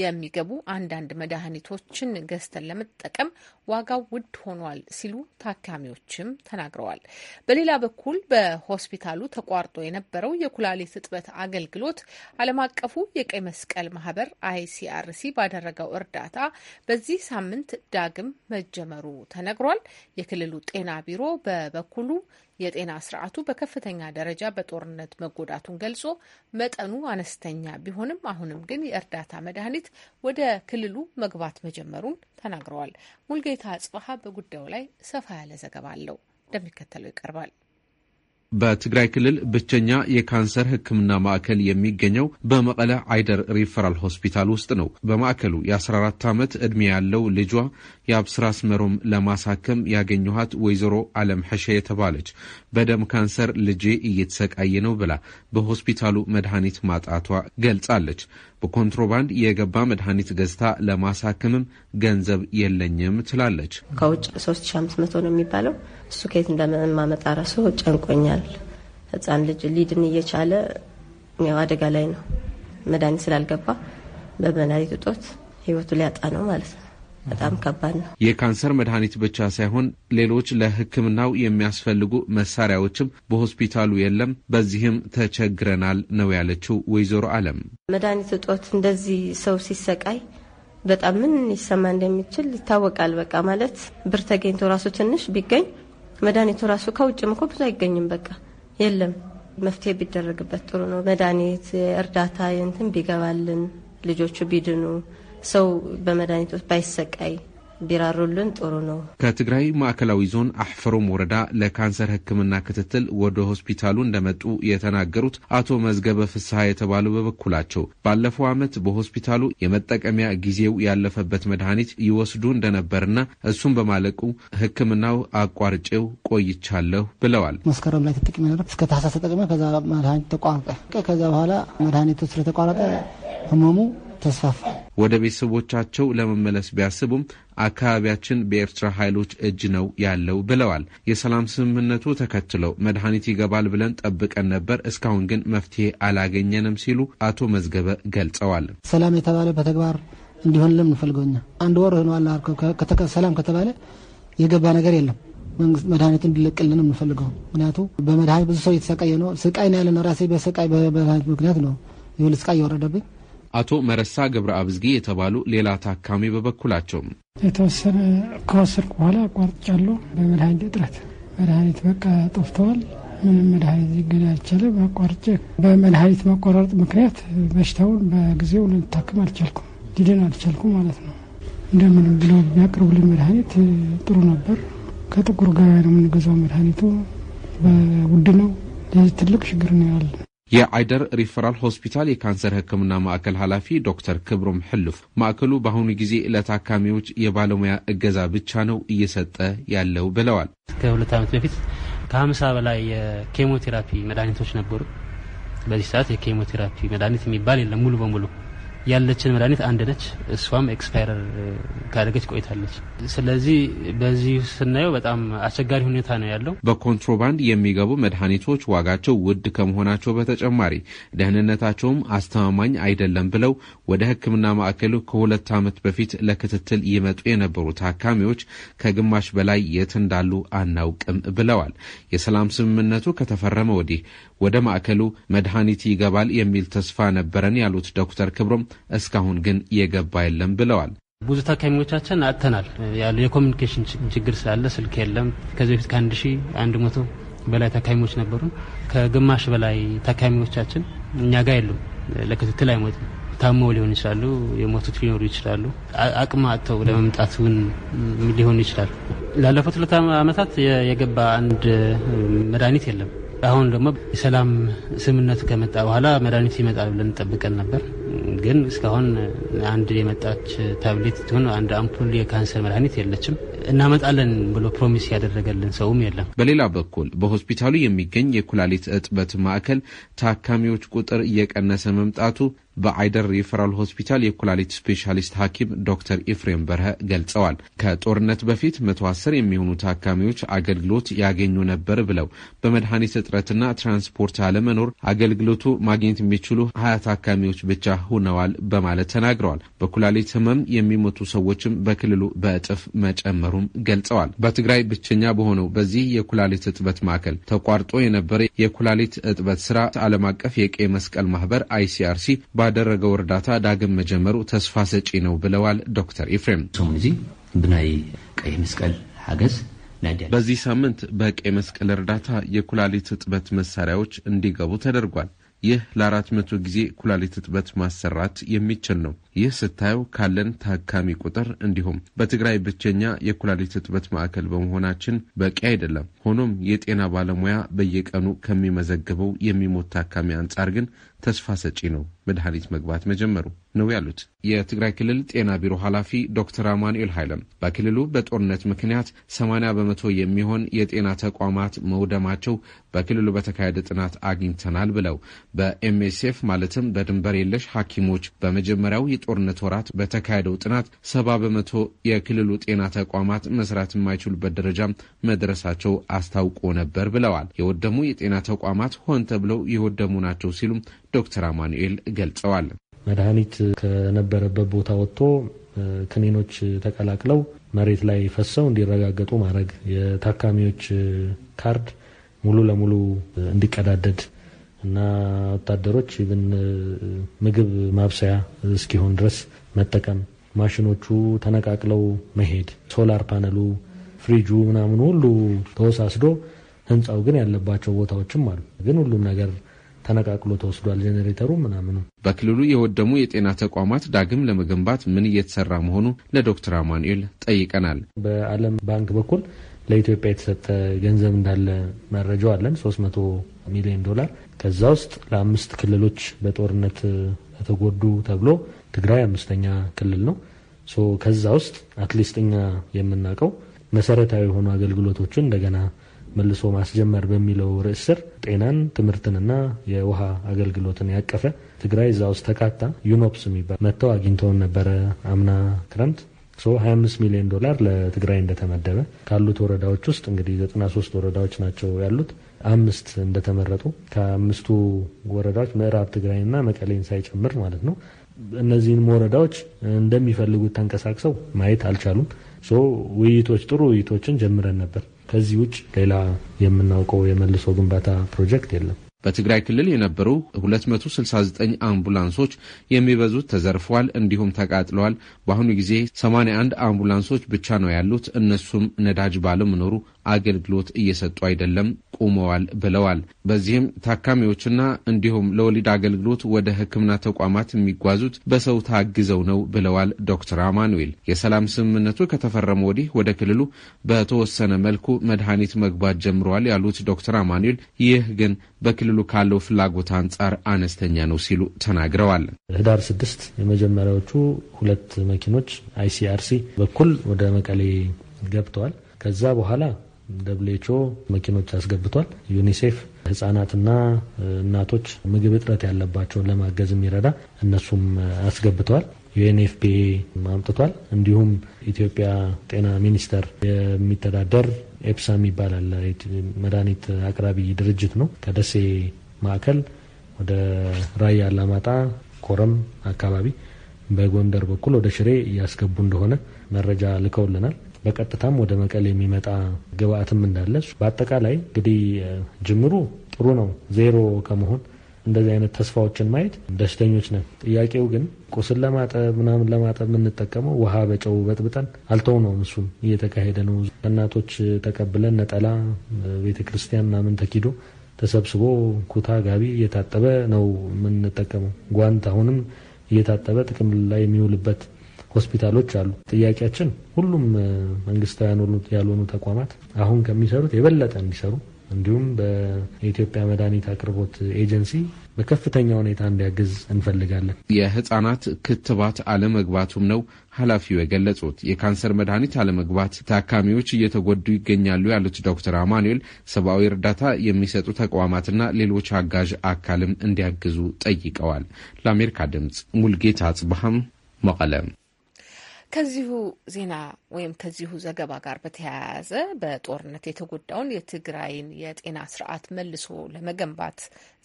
የሚገቡ አንዳንድ መድኃኒቶችን ገዝተን ለመጠቀም ዋጋው ውድ ሆኗል ሲሉ ታካሚዎችም ተናግረዋል። በሌላ በኩል በሆስፒታሉ ተቋርጦ የነበረው የኩላሊት እጥበት አገልግሎት ዓለም አቀፉ የቀይ መስቀል ማህበር አይሲአርሲ ባደረገው እርዳታ በዚህ ሳምንት ዳግም መጀመሩ ተነግሯል። የክልሉ ጤና ቢሮ በበኩሉ የጤና ስርዓቱ በከፍተኛ ደረጃ በጦርነት መጎዳቱን ገልጾ መጠኑ አነስተኛ ቢሆንም አሁንም ግን የእርዳታ መድኃኒት ወደ ክልሉ መግባት መጀመሩን ተናግረዋል። ሙልጌታ አጽበሀ በጉዳዩ ላይ ሰፋ ያለ ዘገባ አለው፣ እንደሚከተለው ይቀርባል። በትግራይ ክልል ብቸኛ የካንሰር ሕክምና ማዕከል የሚገኘው በመቀለ አይደር ሪፈራል ሆስፒታል ውስጥ ነው። በማዕከሉ የ14 ዓመት ዕድሜ ያለው ልጇ የአብስራ መሮም ለማሳከም ያገኘኋት ወይዘሮ አለም ሐሸ የተባለች በደም ካንሰር ልጄ እየተሰቃየ ነው ብላ በሆስፒታሉ መድኃኒት ማጣቷ ገልጻለች። በኮንትሮባንድ የገባ መድኃኒት ገዝታ ለማሳከምም ገንዘብ የለኝም ትላለች። ከውጭ 3500 ነው የሚባለው። እሱ ከየት እንደማመጣ ራሱ ጨንቆኛል። ህፃን ልጅ ሊድን እየቻለ ያው አደጋ ላይ ነው። መድኃኒት ስላልገባ በመድኃኒት እጦት ህይወቱ ሊያጣ ነው ማለት ነው። በጣም ከባድ ነው። የካንሰር መድኃኒት ብቻ ሳይሆን ሌሎች ለሕክምናው የሚያስፈልጉ መሳሪያዎችም በሆስፒታሉ የለም። በዚህም ተቸግረናል ነው ያለችው ወይዘሮ አለም። መድኃኒት እጦት እንደዚህ ሰው ሲሰቃይ በጣም ምን ሊሰማ እንደሚችል ይታወቃል። በቃ ማለት ብር ተገኝቶ ራሱ ትንሽ ቢገኝ መድኃኒቱ ራሱ ከውጭም እኮ ብዙ አይገኝም። በቃ የለም። መፍትሄ ቢደረግበት ጥሩ ነው። መድኃኒት እርዳታ እንትን ቢገባልን ልጆቹ ቢድኑ ሰው በመድኃኒቶች ባይሰቃይ ቢራሩልን ጥሩ ነው። ከትግራይ ማዕከላዊ ዞን አሕፈሮም ወረዳ ለካንሰር ሕክምና ክትትል ወደ ሆስፒታሉ እንደመጡ የተናገሩት አቶ መዝገበ ፍስሐ የተባሉ በበኩላቸው ባለፈው ዓመት በሆስፒታሉ የመጠቀሚያ ጊዜው ያለፈበት መድኃኒት ይወስዱ እንደነበርና እሱም በማለቁ ሕክምናው አቋርጬው ቆይቻለሁ ብለዋል። መስከረም ላይ ተጠቅሜ ነበር እስከ ታህሳስ ተጠቅሜ ከዛ መድኃኒት ተቋረጠ። ከዛ በኋላ መድኃኒቱ ስለተቋረጠ ህመሙ ተስፋፋ። ወደ ቤተሰቦቻቸው ለመመለስ ቢያስቡም አካባቢያችን በኤርትራ ኃይሎች እጅ ነው ያለው ብለዋል። የሰላም ስምምነቱ ተከትለው መድኃኒት ይገባል ብለን ጠብቀን ነበር፣ እስካሁን ግን መፍትሄ አላገኘንም ሲሉ አቶ መዝገበ ገልጸዋል። ሰላም የተባለ በተግባር እንዲሆን ለምንፈልገኛ አንድ ወር ሆኗል። ሰላም ከተባለ የገባ ነገር የለም። መንግስት መድኃኒት እንዲለቅልን የምንፈልገው ምክንያቱ በመድኃኒት ብዙ ሰው እየተሰቃየ ነው። ስቃይ ነው ያለ ነው። ራሴ በስቃይ በመድኃኒት ምክንያት ነው ይሁል ስቃይ እየወረደብኝ አቶ መረሳ ገብረ አብዝጌ የተባሉ ሌላ ታካሚ በበኩላቸው የተወሰነ ከወሰድኩ በኋላ አቋርጫለሁ። በመድኃኒት እጥረት መድኃኒት በቃ ጠፍተዋል። ምንም መድኃኒት ሊገኝ አልቻለም። አቋርጬ በመድኃኒት መቆራረጥ ምክንያት በሽታውን በጊዜው ልንታክም አልቻልኩም፣ ሊድን አልቻልኩም ማለት ነው። እንደምንም ብለው የሚያቀርቡልን መድኃኒት ጥሩ ነበር። ከጥቁር ገበያ ነው የምንገዛው። መድኃኒቱ በውድ ነው። ለዚህ ትልቅ ችግር ነው ያለን። የአይደር ሪፈራል ሆስፒታል የካንሰር ሕክምና ማዕከል ኃላፊ ዶክተር ክብሩም ሕልፍ ማዕከሉ በአሁኑ ጊዜ ለታካሚዎች የባለሙያ እገዛ ብቻ ነው እየሰጠ ያለው ብለዋል። ከሁለት ዓመት በፊት ከሀምሳ በላይ የኬሞቴራፒ መድኃኒቶች ነበሩ። በዚህ ሰዓት የኬሞቴራፒ መድኃኒት የሚባል የለም ሙሉ በሙሉ ያለችን መድኃኒት አንድ ነች። እሷም ኤክስፓየር ካደረገች ቆይታለች። ስለዚህ በዚህ ስናየው በጣም አስቸጋሪ ሁኔታ ነው ያለው። በኮንትሮባንድ የሚገቡ መድኃኒቶች ዋጋቸው ውድ ከመሆናቸው በተጨማሪ ደህንነታቸውም አስተማማኝ አይደለም ብለው ወደ ሕክምና ማዕከሉ ከሁለት ዓመት በፊት ለክትትል ይመጡ የነበሩ ታካሚዎች ከግማሽ በላይ የት እንዳሉ አናውቅም ብለዋል። የሰላም ስምምነቱ ከተፈረመ ወዲህ ወደ ማዕከሉ መድኃኒት ይገባል የሚል ተስፋ ነበረን ያሉት ዶክተር ክብሮም እስካሁን ግን የገባ የለም ብለዋል። ብዙ ታካሚዎቻችን አጥተናል ያሉ የኮሚኒኬሽን ችግር ስላለ ስልክ የለም። ከዚህ በፊት ከአንድ ሺ አንድ መቶ በላይ ታካሚዎች ነበሩ። ከግማሽ በላይ ታካሚዎቻችን እኛ ጋር የሉም። ለክትትል አይሞትም። ታመው ሊሆን ይችላሉ። የሞቱት ሊኖሩ ይችላሉ። አቅም አጥተው ለመምጣት ሊሆን ይችላል። ላለፉት ሁለት ዓመታት የገባ አንድ መድኃኒት የለም። አሁን ደግሞ የሰላም ስምነት ከመጣ በኋላ መድኃኒቱ ይመጣል ብለን ጠብቀን ነበር። ግን እስካሁን አንድ የመጣች ታብሌት ትሆን አንድ አምፑል የካንሰር መድኃኒት የለችም። እናመጣለን ብሎ ፕሮሚስ ያደረገልን ሰውም የለም። በሌላ በኩል በሆስፒታሉ የሚገኝ የኩላሊት እጥበት ማዕከል ታካሚዎች ቁጥር እየቀነሰ መምጣቱ በአይደር ሪፈራል ሆስፒታል የኩላሊት ስፔሻሊስት ሐኪም ዶክተር ኢፍሬም በርሀ ገልጸዋል። ከጦርነት በፊት መቶ አስር የሚሆኑ ታካሚዎች አገልግሎት ያገኙ ነበር ብለው በመድኃኒት እጥረትና ትራንስፖርት አለመኖር አገልግሎቱ ማግኘት የሚችሉ ሀያ ታካሚዎች ብቻ ሆነዋል በማለት ተናግረዋል። በኩላሊት ህመም የሚሞቱ ሰዎችም በክልሉ በእጥፍ መጨመሩም ገልጸዋል። በትግራይ ብቸኛ በሆነው በዚህ የኩላሊት እጥበት ማዕከል ተቋርጦ የነበረ የኩላሊት እጥበት ስራ ዓለም አቀፍ የቀይ መስቀል ማህበር አይሲአርሲ ያደረገው እርዳታ ዳግም መጀመሩ ተስፋ ሰጪ ነው ብለዋል ዶክተር ኢፍሬም። ብናይ ቀይ መስቀል ሓገዝ በዚህ ሳምንት በቀይ መስቀል እርዳታ የኩላሊት እጥበት መሳሪያዎች እንዲገቡ ተደርጓል። ይህ ለአራት መቶ ጊዜ ኩላሊት እጥበት ማሰራት የሚችል ነው። ይህ ስታየው ካለን ታካሚ ቁጥር እንዲሁም በትግራይ ብቸኛ የኩላሊት እጥበት ማዕከል በመሆናችን በቂ አይደለም። ሆኖም የጤና ባለሙያ በየቀኑ ከሚመዘግበው የሚሞት ታካሚ አንጻር ግን ተስፋ ሰጪ ነው መድኃኒት መግባት መጀመሩ ነው ያሉት የትግራይ ክልል ጤና ቢሮ ኃላፊ ዶክተር አማኑኤል ኃይለም በክልሉ በጦርነት ምክንያት 80 በመቶ የሚሆን የጤና ተቋማት መውደማቸው በክልሉ በተካሄደ ጥናት አግኝተናል ብለው በኤምኤስኤፍ ማለትም በድንበር የለሽ ሐኪሞች በመጀመሪያው የጦርነት ወራት በተካሄደው ጥናት ሰባ በመቶ የክልሉ ጤና ተቋማት መስራት የማይችሉበት ደረጃ መድረሳቸው አስታውቆ ነበር ብለዋል። የወደሙ የጤና ተቋማት ሆን ተብለው የወደሙ ናቸው ሲሉም ዶክተር አማኑኤል ገልጸዋል። መድኃኒት ከነበረበት ቦታ ወጥቶ ክኒኖች ተቀላቅለው መሬት ላይ ፈሰው እንዲረጋገጡ ማድረግ፣ የታካሚዎች ካርድ ሙሉ ለሙሉ እንዲቀዳደድ እና ወታደሮች ብን ምግብ ማብሰያ እስኪሆን ድረስ መጠቀም፣ ማሽኖቹ ተነቃቅለው መሄድ፣ ሶላር ፓነሉ፣ ፍሪጁ ምናምን ሁሉ ተወሳስዶ ህንፃው ግን ያለባቸው ቦታዎችም አሉ። ግን ሁሉም ነገር ተነቃቅሎ ተወስዷል ጄኔሬተሩ ምናምኑ። በክልሉ የወደሙ የጤና ተቋማት ዳግም ለመገንባት ምን እየተሰራ መሆኑ ለዶክተር አማኑኤል ጠይቀናል። በዓለም ባንክ በኩል ለኢትዮጵያ የተሰጠ ገንዘብ እንዳለ መረጃው አለን 300 ሚሊዮን ዶላር ከዛ ውስጥ ለአምስት ክልሎች በጦርነት ተጎዱ ተብሎ ትግራይ አምስተኛ ክልል ነው። ከዛ ውስጥ አትሊስት እኛ የምናውቀው መሰረታዊ የሆኑ አገልግሎቶችን እንደገና መልሶ ማስጀመር በሚለው ርዕስ ስር ጤናን፣ ትምህርትንና የውሃ አገልግሎትን ያቀፈ ትግራይ እዛ ውስጥ ተካታ ዩኖፕስ የሚባል መጥተው አግኝተውን ነበረ አምና ክረምት 25 ሚሊዮን ዶላር ለትግራይ እንደተመደበ ካሉት ወረዳዎች ውስጥ እንግዲህ 93 ወረዳዎች ናቸው ያሉት። አምስት እንደተመረጡ ከአምስቱ ወረዳዎች ምዕራብ ትግራይና መቀሌን ሳይጨምር ማለት ነው። እነዚህንም ወረዳዎች እንደሚፈልጉት ተንቀሳቅሰው ማየት አልቻሉም። ውይይቶች ጥሩ ውይይቶችን ጀምረን ነበር። ከዚህ ውጭ ሌላ የምናውቀው የመልሶ ግንባታ ፕሮጀክት የለም። በትግራይ ክልል የነበሩ 269 አምቡላንሶች የሚበዙት ተዘርፈዋል፣ እንዲሁም ተቃጥለዋል። በአሁኑ ጊዜ 81 አምቡላንሶች ብቻ ነው ያሉት። እነሱም ነዳጅ ባለመኖሩ አገልግሎት እየሰጡ አይደለም፣ ቁመዋል ብለዋል። በዚህም ታካሚዎችና እንዲሁም ለወሊድ አገልግሎት ወደ ሕክምና ተቋማት የሚጓዙት በሰው ታግዘው ነው ብለዋል ዶክተር አማኑኤል። የሰላም ስምምነቱ ከተፈረመ ወዲህ ወደ ክልሉ በተወሰነ መልኩ መድኃኒት መግባት ጀምረዋል ያሉት ዶክተር አማኑኤል ይህ ግን በክልሉ ካለው ፍላጎት አንጻር አነስተኛ ነው ሲሉ ተናግረዋል። ህዳር ስድስት የመጀመሪያዎቹ ሁለት መኪኖች አይሲአርሲ በኩል ወደ መቀሌ ገብተዋል። ከዛ በኋላ ደብሌቾ መኪኖች አስገብቷል። ዩኒሴፍ ህጻናትና እናቶች ምግብ እጥረት ያለባቸውን ለማገዝ የሚረዳ እነሱም አስገብተዋል። ዩኤንኤፍፒ አምጥቷል። እንዲሁም ኢትዮጵያ ጤና ሚኒስቴር የሚተዳደር ኤፕሳ ይባላል መድኃኒት አቅራቢ ድርጅት ነው። ከደሴ ማዕከል ወደ ራያ አላማጣ፣ ኮረም አካባቢ በጎንደር በኩል ወደ ሽሬ እያስገቡ እንደሆነ መረጃ ልከውልናል። በቀጥታም ወደ መቀሌ የሚመጣ ግብአትም እንዳለች በአጠቃላይ እንግዲህ ጅምሩ ጥሩ ነው። ዜሮ ከመሆን እንደዚህ አይነት ተስፋዎችን ማየት ደስተኞች ነን። ጥያቄው ግን ቁስል ለማጠብ ምናምን ለማጠብ የምንጠቀመው ውሃ በጨው በጥብጠን አልተው ነው። እሱም እየተካሄደ ነው። እናቶች ተቀብለን ነጠላ ቤተ ክርስቲያን ምናምን ተኪዶ ተሰብስቦ ኩታ ጋቢ እየታጠበ ነው የምንጠቀመው። ጓንት አሁንም እየታጠበ ጥቅም ላይ የሚውልበት ሆስፒታሎች አሉ። ጥያቄያችን ሁሉም መንግስታውያን ያልሆኑ ተቋማት አሁን ከሚሰሩት የበለጠ እንዲሰሩ እንዲሁም በኢትዮጵያ መድኃኒት አቅርቦት ኤጀንሲ በከፍተኛ ሁኔታ እንዲያግዝ እንፈልጋለን። የህጻናት ክትባት አለመግባቱም ነው ኃላፊው የገለጹት። የካንሰር መድኃኒት አለመግባት ታካሚዎች እየተጎዱ ይገኛሉ ያሉት ዶክተር አማኑኤል ሰብአዊ እርዳታ የሚሰጡ ተቋማትና ሌሎች አጋዥ አካልም እንዲያግዙ ጠይቀዋል። ለአሜሪካ ድምፅ ሙልጌታ አጽባሃም መቀለም ከዚሁ ዜና ወይም ከዚሁ ዘገባ ጋር በተያያዘ በጦርነት የተጎዳውን የትግራይን የጤና ስርዓት መልሶ ለመገንባት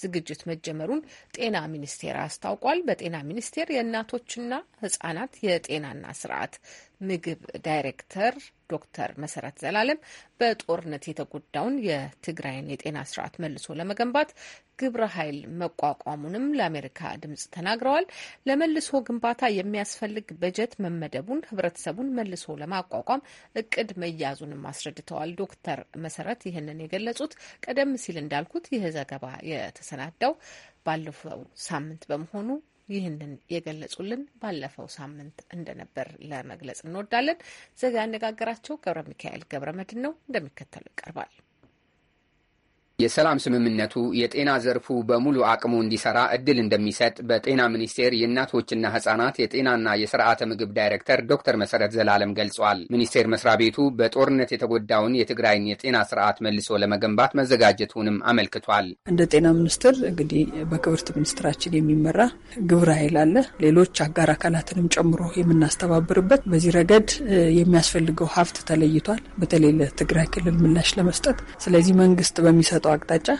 ዝግጅት መጀመሩን ጤና ሚኒስቴር አስታውቋል። በጤና ሚኒስቴር የእናቶችና ህጻናት የጤናና ስርዓት ምግብ ዳይሬክተር ዶክተር መሰረት ዘላለም በጦርነት የተጎዳውን የትግራይን የጤና ስርዓት መልሶ ለመገንባት ግብረ ኃይል መቋቋሙንም ለአሜሪካ ድምጽ ተናግረዋል። ለመልሶ ግንባታ የሚያስፈልግ በጀት መመደቡን፣ ህብረተሰቡን መልሶ ለማቋቋም እቅድ መያዙንም አስረድተዋል። ዶክተር መሰረት ይህንን የገለጹት ቀደም ሲል እንዳልኩት ይህ ዘገባ የተሰናዳው ባለፈው ሳምንት በመሆኑ ይህንን የገለጹልን ባለፈው ሳምንት እንደነበር ለመግለጽ እንወዳለን። ዘጋ ያነጋገራቸው ገብረ ሚካኤል ገብረ መድን ነው፣ እንደሚከተለው ይቀርባል። የሰላም ስምምነቱ የጤና ዘርፉ በሙሉ አቅሙ እንዲሰራ እድል እንደሚሰጥ በጤና ሚኒስቴር የእናቶችና ህጻናት የጤናና የስርዓተ ምግብ ዳይሬክተር ዶክተር መሰረት ዘላለም ገልጿል። ሚኒስቴር መስሪያ ቤቱ በጦርነት የተጎዳውን የትግራይን የጤና ስርዓት መልሶ ለመገንባት መዘጋጀቱንም አመልክቷል። እንደ ጤና ሚኒስትር እንግዲህ በክብርት ሚኒስትራችን የሚመራ ግብረ ኃይል አለ። ሌሎች አጋር አካላትንም ጨምሮ የምናስተባብርበት በዚህ ረገድ የሚያስፈልገው ሀብት ተለይቷል። በተለይ ለትግራይ ክልል ምላሽ ለመስጠት ስለዚህ መንግስት በሚሰጥ ለተሰጠው አቅጣጫ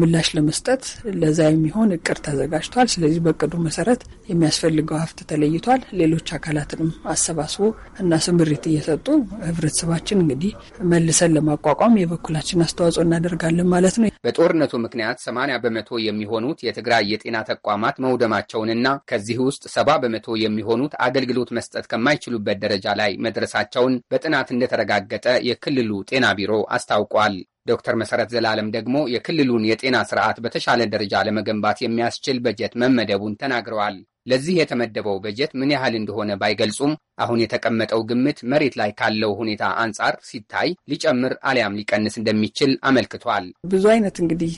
ምላሽ ለመስጠት ለዛ የሚሆን እቅድ ተዘጋጅቷል። ስለዚህ በእቅዱ መሰረት የሚያስፈልገው ሀብት ተለይቷል። ሌሎች አካላትንም አሰባስቦ እና ስምሪት እየሰጡ ህብረተሰባችን እንግዲህ መልሰን ለማቋቋም የበኩላችን አስተዋጽኦ እናደርጋለን ማለት ነው። በጦርነቱ ምክንያት ሰማንያ በመቶ የሚሆኑት የትግራይ የጤና ተቋማት መውደማቸውንና ከዚህ ውስጥ ሰባ በመቶ የሚሆኑት አገልግሎት መስጠት ከማይችሉበት ደረጃ ላይ መድረሳቸውን በጥናት እንደተረጋገጠ የክልሉ ጤና ቢሮ አስታውቋል። ዶክተር መሰረት ዘላለም ደግሞ የክልሉን የጤና ስርዓት በተሻለ ደረጃ ለመገንባት የሚያስችል በጀት መመደቡን ተናግረዋል። ለዚህ የተመደበው በጀት ምን ያህል እንደሆነ ባይገልጹም አሁን የተቀመጠው ግምት መሬት ላይ ካለው ሁኔታ አንጻር ሲታይ ሊጨምር አሊያም ሊቀንስ እንደሚችል አመልክቷል። ብዙ አይነት እንግዲህ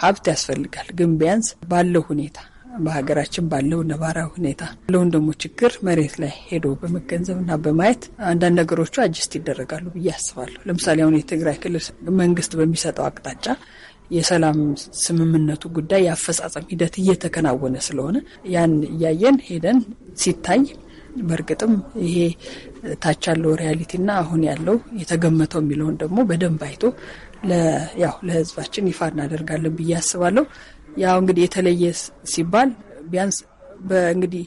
ሀብት ያስፈልጋል፣ ግን ቢያንስ ባለው ሁኔታ በሀገራችን ባለው ነባራዊ ሁኔታ ያለውን ችግር መሬት ላይ ሄዶ በመገንዘብ እና በማየት አንዳንድ ነገሮቹ አጅስት ይደረጋሉ ብዬ አስባለሁ። ለምሳሌ አሁን የትግራይ ክልል መንግስት በሚሰጠው አቅጣጫ የሰላም ስምምነቱ ጉዳይ የአፈጻጸም ሂደት እየተከናወነ ስለሆነ ያን እያየን ሄደን ሲታይ በእርግጥም ይሄ ታች ያለው ሪያሊቲ አሁን ያለው የተገመተው የሚለውን ደግሞ በደንብ አይቶ ያው ለህዝባችን ይፋ እናደርጋለን ብዬ አስባለሁ። ያው እንግዲህ የተለየ ሲባል ቢያንስ በእንግዲህ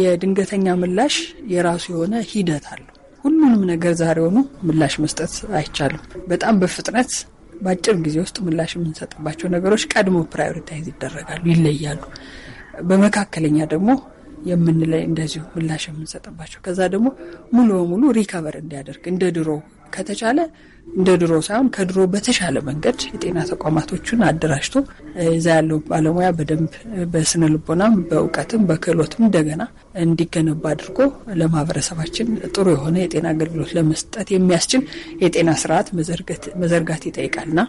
የድንገተኛ ምላሽ የራሱ የሆነ ሂደት አለው። ሁሉንም ነገር ዛሬ ሆኖ ምላሽ መስጠት አይቻልም። በጣም በፍጥነት በአጭር ጊዜ ውስጥ ምላሽ የምንሰጥባቸው ነገሮች ቀድሞ ፕራዮሪታይዝ ይደረጋሉ፣ ይለያሉ። በመካከለኛ ደግሞ የምንለይ እንደዚሁ ምላሽ የምንሰጥባቸው ከዛ ደግሞ ሙሉ በሙሉ ሪከቨር እንዲያደርግ እንደ ድሮ ከተቻለ እንደ ድሮ ሳይሆን ከድሮ በተሻለ መንገድ የጤና ተቋማቶችን አደራጅቶ እዛ ያለው ባለሙያ በደንብ በስነ ልቦናም በእውቀትም በክህሎትም እንደገና እንዲገነባ አድርጎ ለማህበረሰባችን ጥሩ የሆነ የጤና አገልግሎት ለመስጠት የሚያስችል የጤና ስርዓት መዘርጋት ይጠይቃልና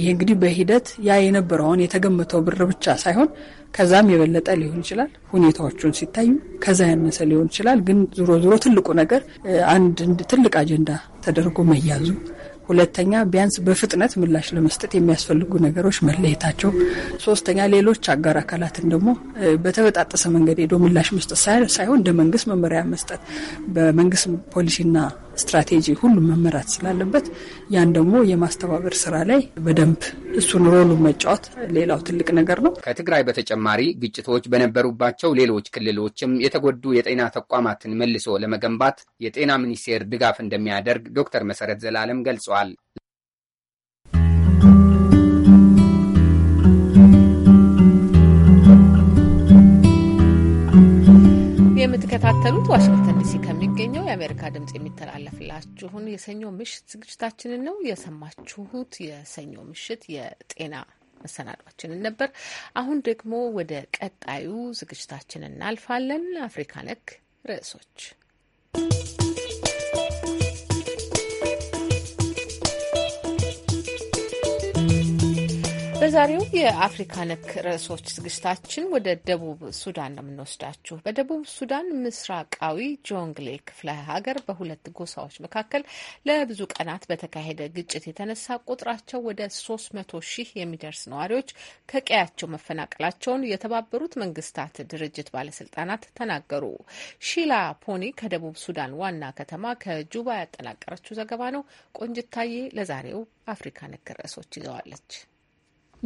ይህ እንግዲህ በሂደት ያ የነበረውን የተገመተው ብር ብቻ ሳይሆን ከዛም የበለጠ ሊሆን ይችላል። ሁኔታዎቹን ሲታዩ ከዛ ያነሰ ሊሆን ይችላል። ግን ዞሮ ዞሮ ትልቁ ነገር አንድ ትልቅ አጀንዳ ተደርጎ መያዙ፣ ሁለተኛ ቢያንስ በፍጥነት ምላሽ ለመስጠት የሚያስፈልጉ ነገሮች መለየታቸው፣ ሶስተኛ ሌሎች አጋር አካላትን ደግሞ በተበጣጠሰ መንገድ ሄዶ ምላሽ መስጠት ሳይሆን እንደ መንግስት መመሪያ መስጠት በመንግስት ፖሊሲና ስትራቴጂ ሁሉም መመራት ስላለበት ያን ደግሞ የማስተባበር ስራ ላይ በደንብ እሱን ሮሉ መጫወት ሌላው ትልቅ ነገር ነው። ከትግራይ በተጨማሪ ግጭቶች በነበሩባቸው ሌሎች ክልሎችም የተጎዱ የጤና ተቋማትን መልሶ ለመገንባት የጤና ሚኒስቴር ድጋፍ እንደሚያደርግ ዶክተር መሰረት ዘላለም ገልጸዋል። የምትከታተሉት ዋሽንግተን ዲሲ ከሚገኘው የአሜሪካ ድምጽ የሚተላለፍላችሁን የሰኞ ምሽት ዝግጅታችንን ነው የሰማችሁት። የሰኞ ምሽት የጤና መሰናዷችንን ነበር። አሁን ደግሞ ወደ ቀጣዩ ዝግጅታችን እናልፋለን። አፍሪካ ነክ ርዕሶች በዛሬው የአፍሪካ ነክ ርዕሶች ዝግጅታችን ወደ ደቡብ ሱዳን ነው የምንወስዳችሁ። በደቡብ ሱዳን ምስራቃዊ ጆንግሌ ክፍለ ሀገር በሁለት ጎሳዎች መካከል ለብዙ ቀናት በተካሄደ ግጭት የተነሳ ቁጥራቸው ወደ ሶስት መቶ ሺህ የሚደርስ ነዋሪዎች ከቀያቸው መፈናቀላቸውን የተባበሩት መንግስታት ድርጅት ባለስልጣናት ተናገሩ። ሺላ ፖኒ ከደቡብ ሱዳን ዋና ከተማ ከጁባ ያጠናቀረችው ዘገባ ነው። ቆንጅታዬ ለዛሬው አፍሪካ ነክ ርዕሶች ይዘዋለች።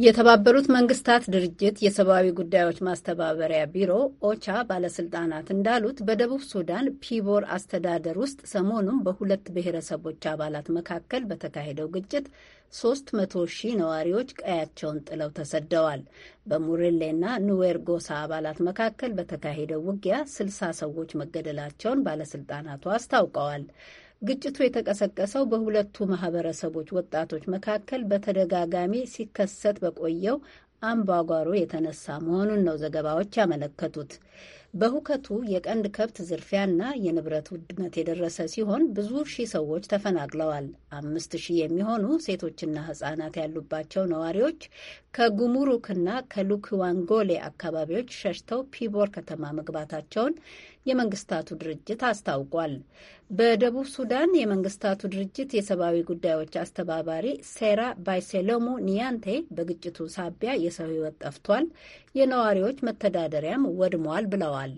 የተባበሩት መንግስታት ድርጅት የሰብአዊ ጉዳዮች ማስተባበሪያ ቢሮ ኦቻ ባለስልጣናት እንዳሉት በደቡብ ሱዳን ፒቦር አስተዳደር ውስጥ ሰሞኑን በሁለት ብሔረሰቦች አባላት መካከል በተካሄደው ግጭት ሶስት መቶ ሺህ ነዋሪዎች ቀያቸውን ጥለው ተሰደዋል። በሙሬሌና ኑዌር ጎሳ አባላት መካከል በተካሄደው ውጊያ ስልሳ ሰዎች መገደላቸውን ባለስልጣናቱ አስታውቀዋል። ግጭቱ የተቀሰቀሰው በሁለቱ ማህበረሰቦች ወጣቶች መካከል በተደጋጋሚ ሲከሰት በቆየው አምባጓሮ የተነሳ መሆኑን ነው ዘገባዎች ያመለከቱት። በሁከቱ የቀንድ ከብት ዝርፊያና የንብረት ውድመት የደረሰ ሲሆን ብዙ ሺህ ሰዎች ተፈናቅለዋል። አምስት ሺህ የሚሆኑ ሴቶችና ህጻናት ያሉባቸው ነዋሪዎች ከጉሙሩክና ከሉክዋንጎሌ አካባቢዎች ሸሽተው ፒቦር ከተማ መግባታቸውን የመንግስታቱ ድርጅት አስታውቋል። በደቡብ ሱዳን የመንግስታቱ ድርጅት የሰብአዊ ጉዳዮች አስተባባሪ ሴራ ባይሴሎሞ ኒያንቴ በግጭቱ ሳቢያ የሰው ሕይወት ጠፍቷል፣ የነዋሪዎች መተዳደሪያም ወድሟል ብለዋል።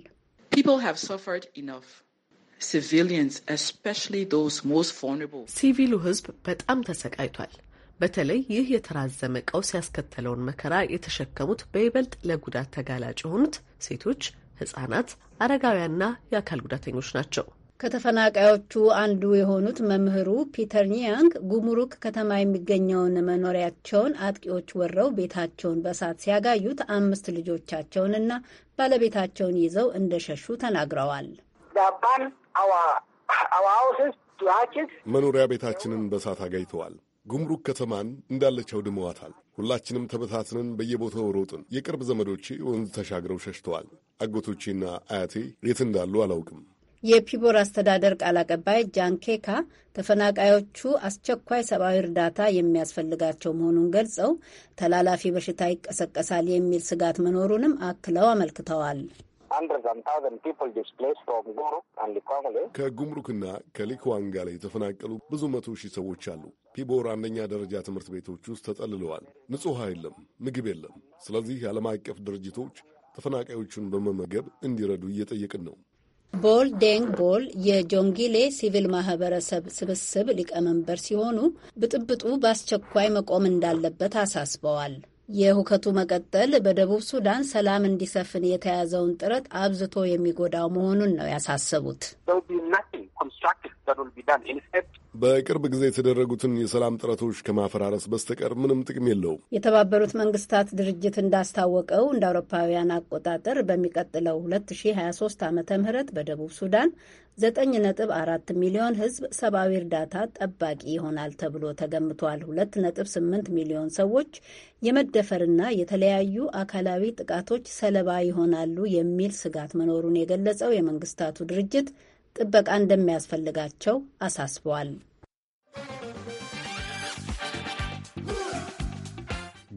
ሲቪሉ ሕዝብ በጣም ተሰቃይቷል። በተለይ ይህ የተራዘመ ቀውስ ያስከተለውን መከራ የተሸከሙት በይበልጥ ለጉዳት ተጋላጭ የሆኑት ሴቶች፣ ህጻናት፣ አረጋውያንና የአካል ጉዳተኞች ናቸው። ከተፈናቃዮቹ አንዱ የሆኑት መምህሩ ፒተር ኒያንግ ጉሙሩክ ከተማ የሚገኘውን መኖሪያቸውን አጥቂዎች ወረው ቤታቸውን በእሳት ሲያጋዩት አምስት ልጆቻቸውንና ባለቤታቸውን ይዘው እንደሸሹ ተናግረዋል። መኖሪያ ቤታችንን በእሳት አጋይተዋል። ጉምሩክ ከተማን እንዳለች አውድመዋታል። ሁላችንም ተበታትነን በየቦታው ሮጥን። የቅርብ ዘመዶቼ ወንዝ ተሻግረው ሸሽተዋል። አጎቶቼና አያቴ የት እንዳሉ አላውቅም። የፒቦር አስተዳደር ቃል አቀባይ ጃን ኬካ ተፈናቃዮቹ አስቸኳይ ሰብአዊ እርዳታ የሚያስፈልጋቸው መሆኑን ገልጸው ተላላፊ በሽታ ይቀሰቀሳል የሚል ስጋት መኖሩንም አክለው አመልክተዋል። ከጉምሩክና ከሊክዋንጋ ላይ የተፈናቀሉ ብዙ መቶ ሺህ ሰዎች አሉ። ፒቦር አንደኛ ደረጃ ትምህርት ቤቶች ውስጥ ተጠልለዋል። ንጹህ ውሃ የለም፣ ምግብ የለም። ስለዚህ ዓለም አቀፍ ድርጅቶች ተፈናቃዮቹን በመመገብ እንዲረዱ እየጠየቅን ነው። ቦል ዴንግ ቦል የጆንጊሌ ሲቪል ማህበረሰብ ስብስብ ሊቀመንበር ሲሆኑ ብጥብጡ በአስቸኳይ መቆም እንዳለበት አሳስበዋል። የሁከቱ መቀጠል በደቡብ ሱዳን ሰላም እንዲሰፍን የተያዘውን ጥረት አብዝቶ የሚጎዳው መሆኑን ነው ያሳሰቡት። በቅርብ ጊዜ የተደረጉትን የሰላም ጥረቶች ከማፈራረስ በስተቀር ምንም ጥቅም የለውም። የተባበሩት መንግስታት ድርጅት እንዳስታወቀው እንደ አውሮፓውያን አቆጣጠር በሚቀጥለው 2023 ዓ ም በደቡብ ሱዳን 9.4 ሚሊዮን ህዝብ ሰብአዊ እርዳታ ጠባቂ ይሆናል ተብሎ ተገምቷል። 2.8 ሚሊዮን ሰዎች የመደፈርና የተለያዩ አካላዊ ጥቃቶች ሰለባ ይሆናሉ የሚል ስጋት መኖሩን የገለጸው የመንግስታቱ ድርጅት ጥበቃ እንደሚያስፈልጋቸው አሳስበዋል።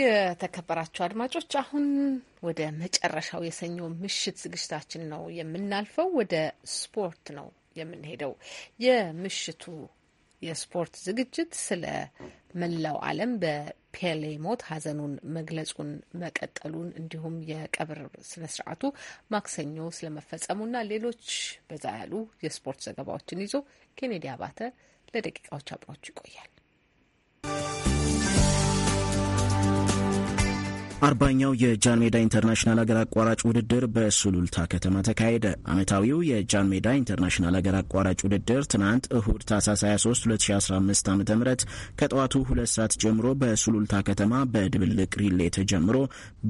የተከበራቸው አድማጮች አሁን ወደ መጨረሻው የሰኞ ምሽት ዝግጅታችን ነው የምናልፈው። ወደ ስፖርት ነው የምንሄደው። የምሽቱ የስፖርት ዝግጅት ስለ መላው ዓለም በፔሌ ሞት ሐዘኑን መግለጹን መቀጠሉን እንዲሁም የቀብር ስነ ስርዓቱ ማክሰኞ ስለመፈጸሙና ሌሎች በዛ ያሉ የስፖርት ዘገባዎችን ይዞ ኬኔዲ አባተ ለደቂቃዎች አብሯችሁ ይቆያል። አርባኛው የጃን ሜዳ ኢንተርናሽናል አገር አቋራጭ ውድድር በሱሉልታ ከተማ ተካሄደ። ዓመታዊው የጃን ሜዳ ኢንተርናሽናል ሀገር አቋራጭ ውድድር ትናንት እሁድ ታህሳስ 23 2015 ዓ ም ከጠዋቱ ሁለት ሰዓት ጀምሮ በሱሉልታ ከተማ በድብልቅ ሪሌ ተጀምሮ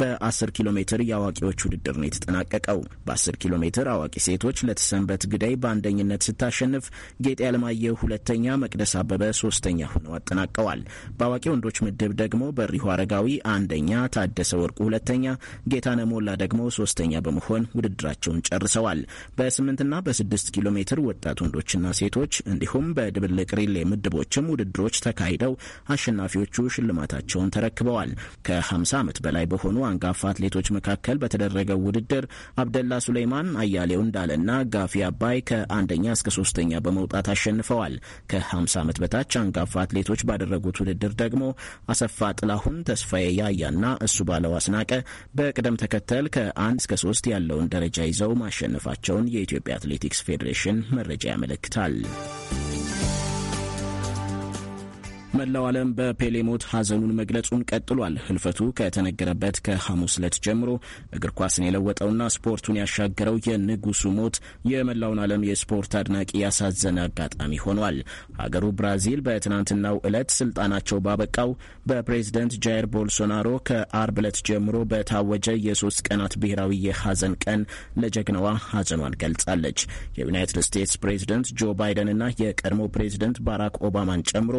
በ10 ኪሎ ሜትር የአዋቂዎች ውድድር ነው የተጠናቀቀው። በ10 ኪሎ ሜትር አዋቂ ሴቶች ለተሰንበት ግዳይ በአንደኝነት ስታሸንፍ፣ ጌጤ ያለማየሁ ሁለተኛ፣ መቅደስ አበበ ሶስተኛ ሆነው አጠናቀዋል። በአዋቂ ወንዶች ምድብ ደግሞ በሪሁ አረጋዊ አንደኛ፣ ታደ ታደሰ ወርቁ ሁለተኛ፣ ጌታ ሞላ ደግሞ ሶስተኛ በመሆን ውድድራቸውን ጨርሰዋል። በስምንትና በስድስት ኪሎ ሜትር ወጣት ወንዶችና ሴቶች እንዲሁም በድብልቅ ሪሌ ምድቦችም ውድድሮች ተካሂደው አሸናፊዎቹ ሽልማታቸውን ተረክበዋል። ከ50 ዓመት በላይ በሆኑ አንጋፋ አትሌቶች መካከል በተደረገው ውድድር አብደላ ሱሌይማን፣ አያሌው እንዳለና ጋፊ አባይ ከአንደኛ እስከ ሶስተኛ በመውጣት አሸንፈዋል። ከ50 ዓመት በታች አንጋፋ አትሌቶች ባደረጉት ውድድር ደግሞ አሰፋ ጥላሁን፣ ተስፋዬ ያያና እሱ ባለው አስናቀ በቅደም ተከተል ከአንድ እስከ ሶስት ያለውን ደረጃ ይዘው ማሸነፋቸውን የኢትዮጵያ አትሌቲክስ ፌዴሬሽን መረጃ ያመለክታል። መላው ዓለም በፔሌ ሞት ሐዘኑን መግለጹን ቀጥሏል። ህልፈቱ ከተነገረበት ከሐሙስ ዕለት ጀምሮ እግር ኳስን የለወጠውና ስፖርቱን ያሻገረው የንጉሱ ሞት የመላውን ዓለም የስፖርት አድናቂ ያሳዘነ አጋጣሚ ሆኗል። ሀገሩ ብራዚል በትናንትናው ዕለት ስልጣናቸው ባበቃው በፕሬዝደንት ጃይር ቦልሶናሮ ከአርብ ዕለት ጀምሮ በታወጀ የሶስት ቀናት ብሔራዊ የሐዘን ቀን ለጀግናዋ ሐዘኗን ገልጻለች። የዩናይትድ ስቴትስ ፕሬዝደንት ጆ ባይደንና የቀድሞ ፕሬዝደንት ባራክ ኦባማን ጨምሮ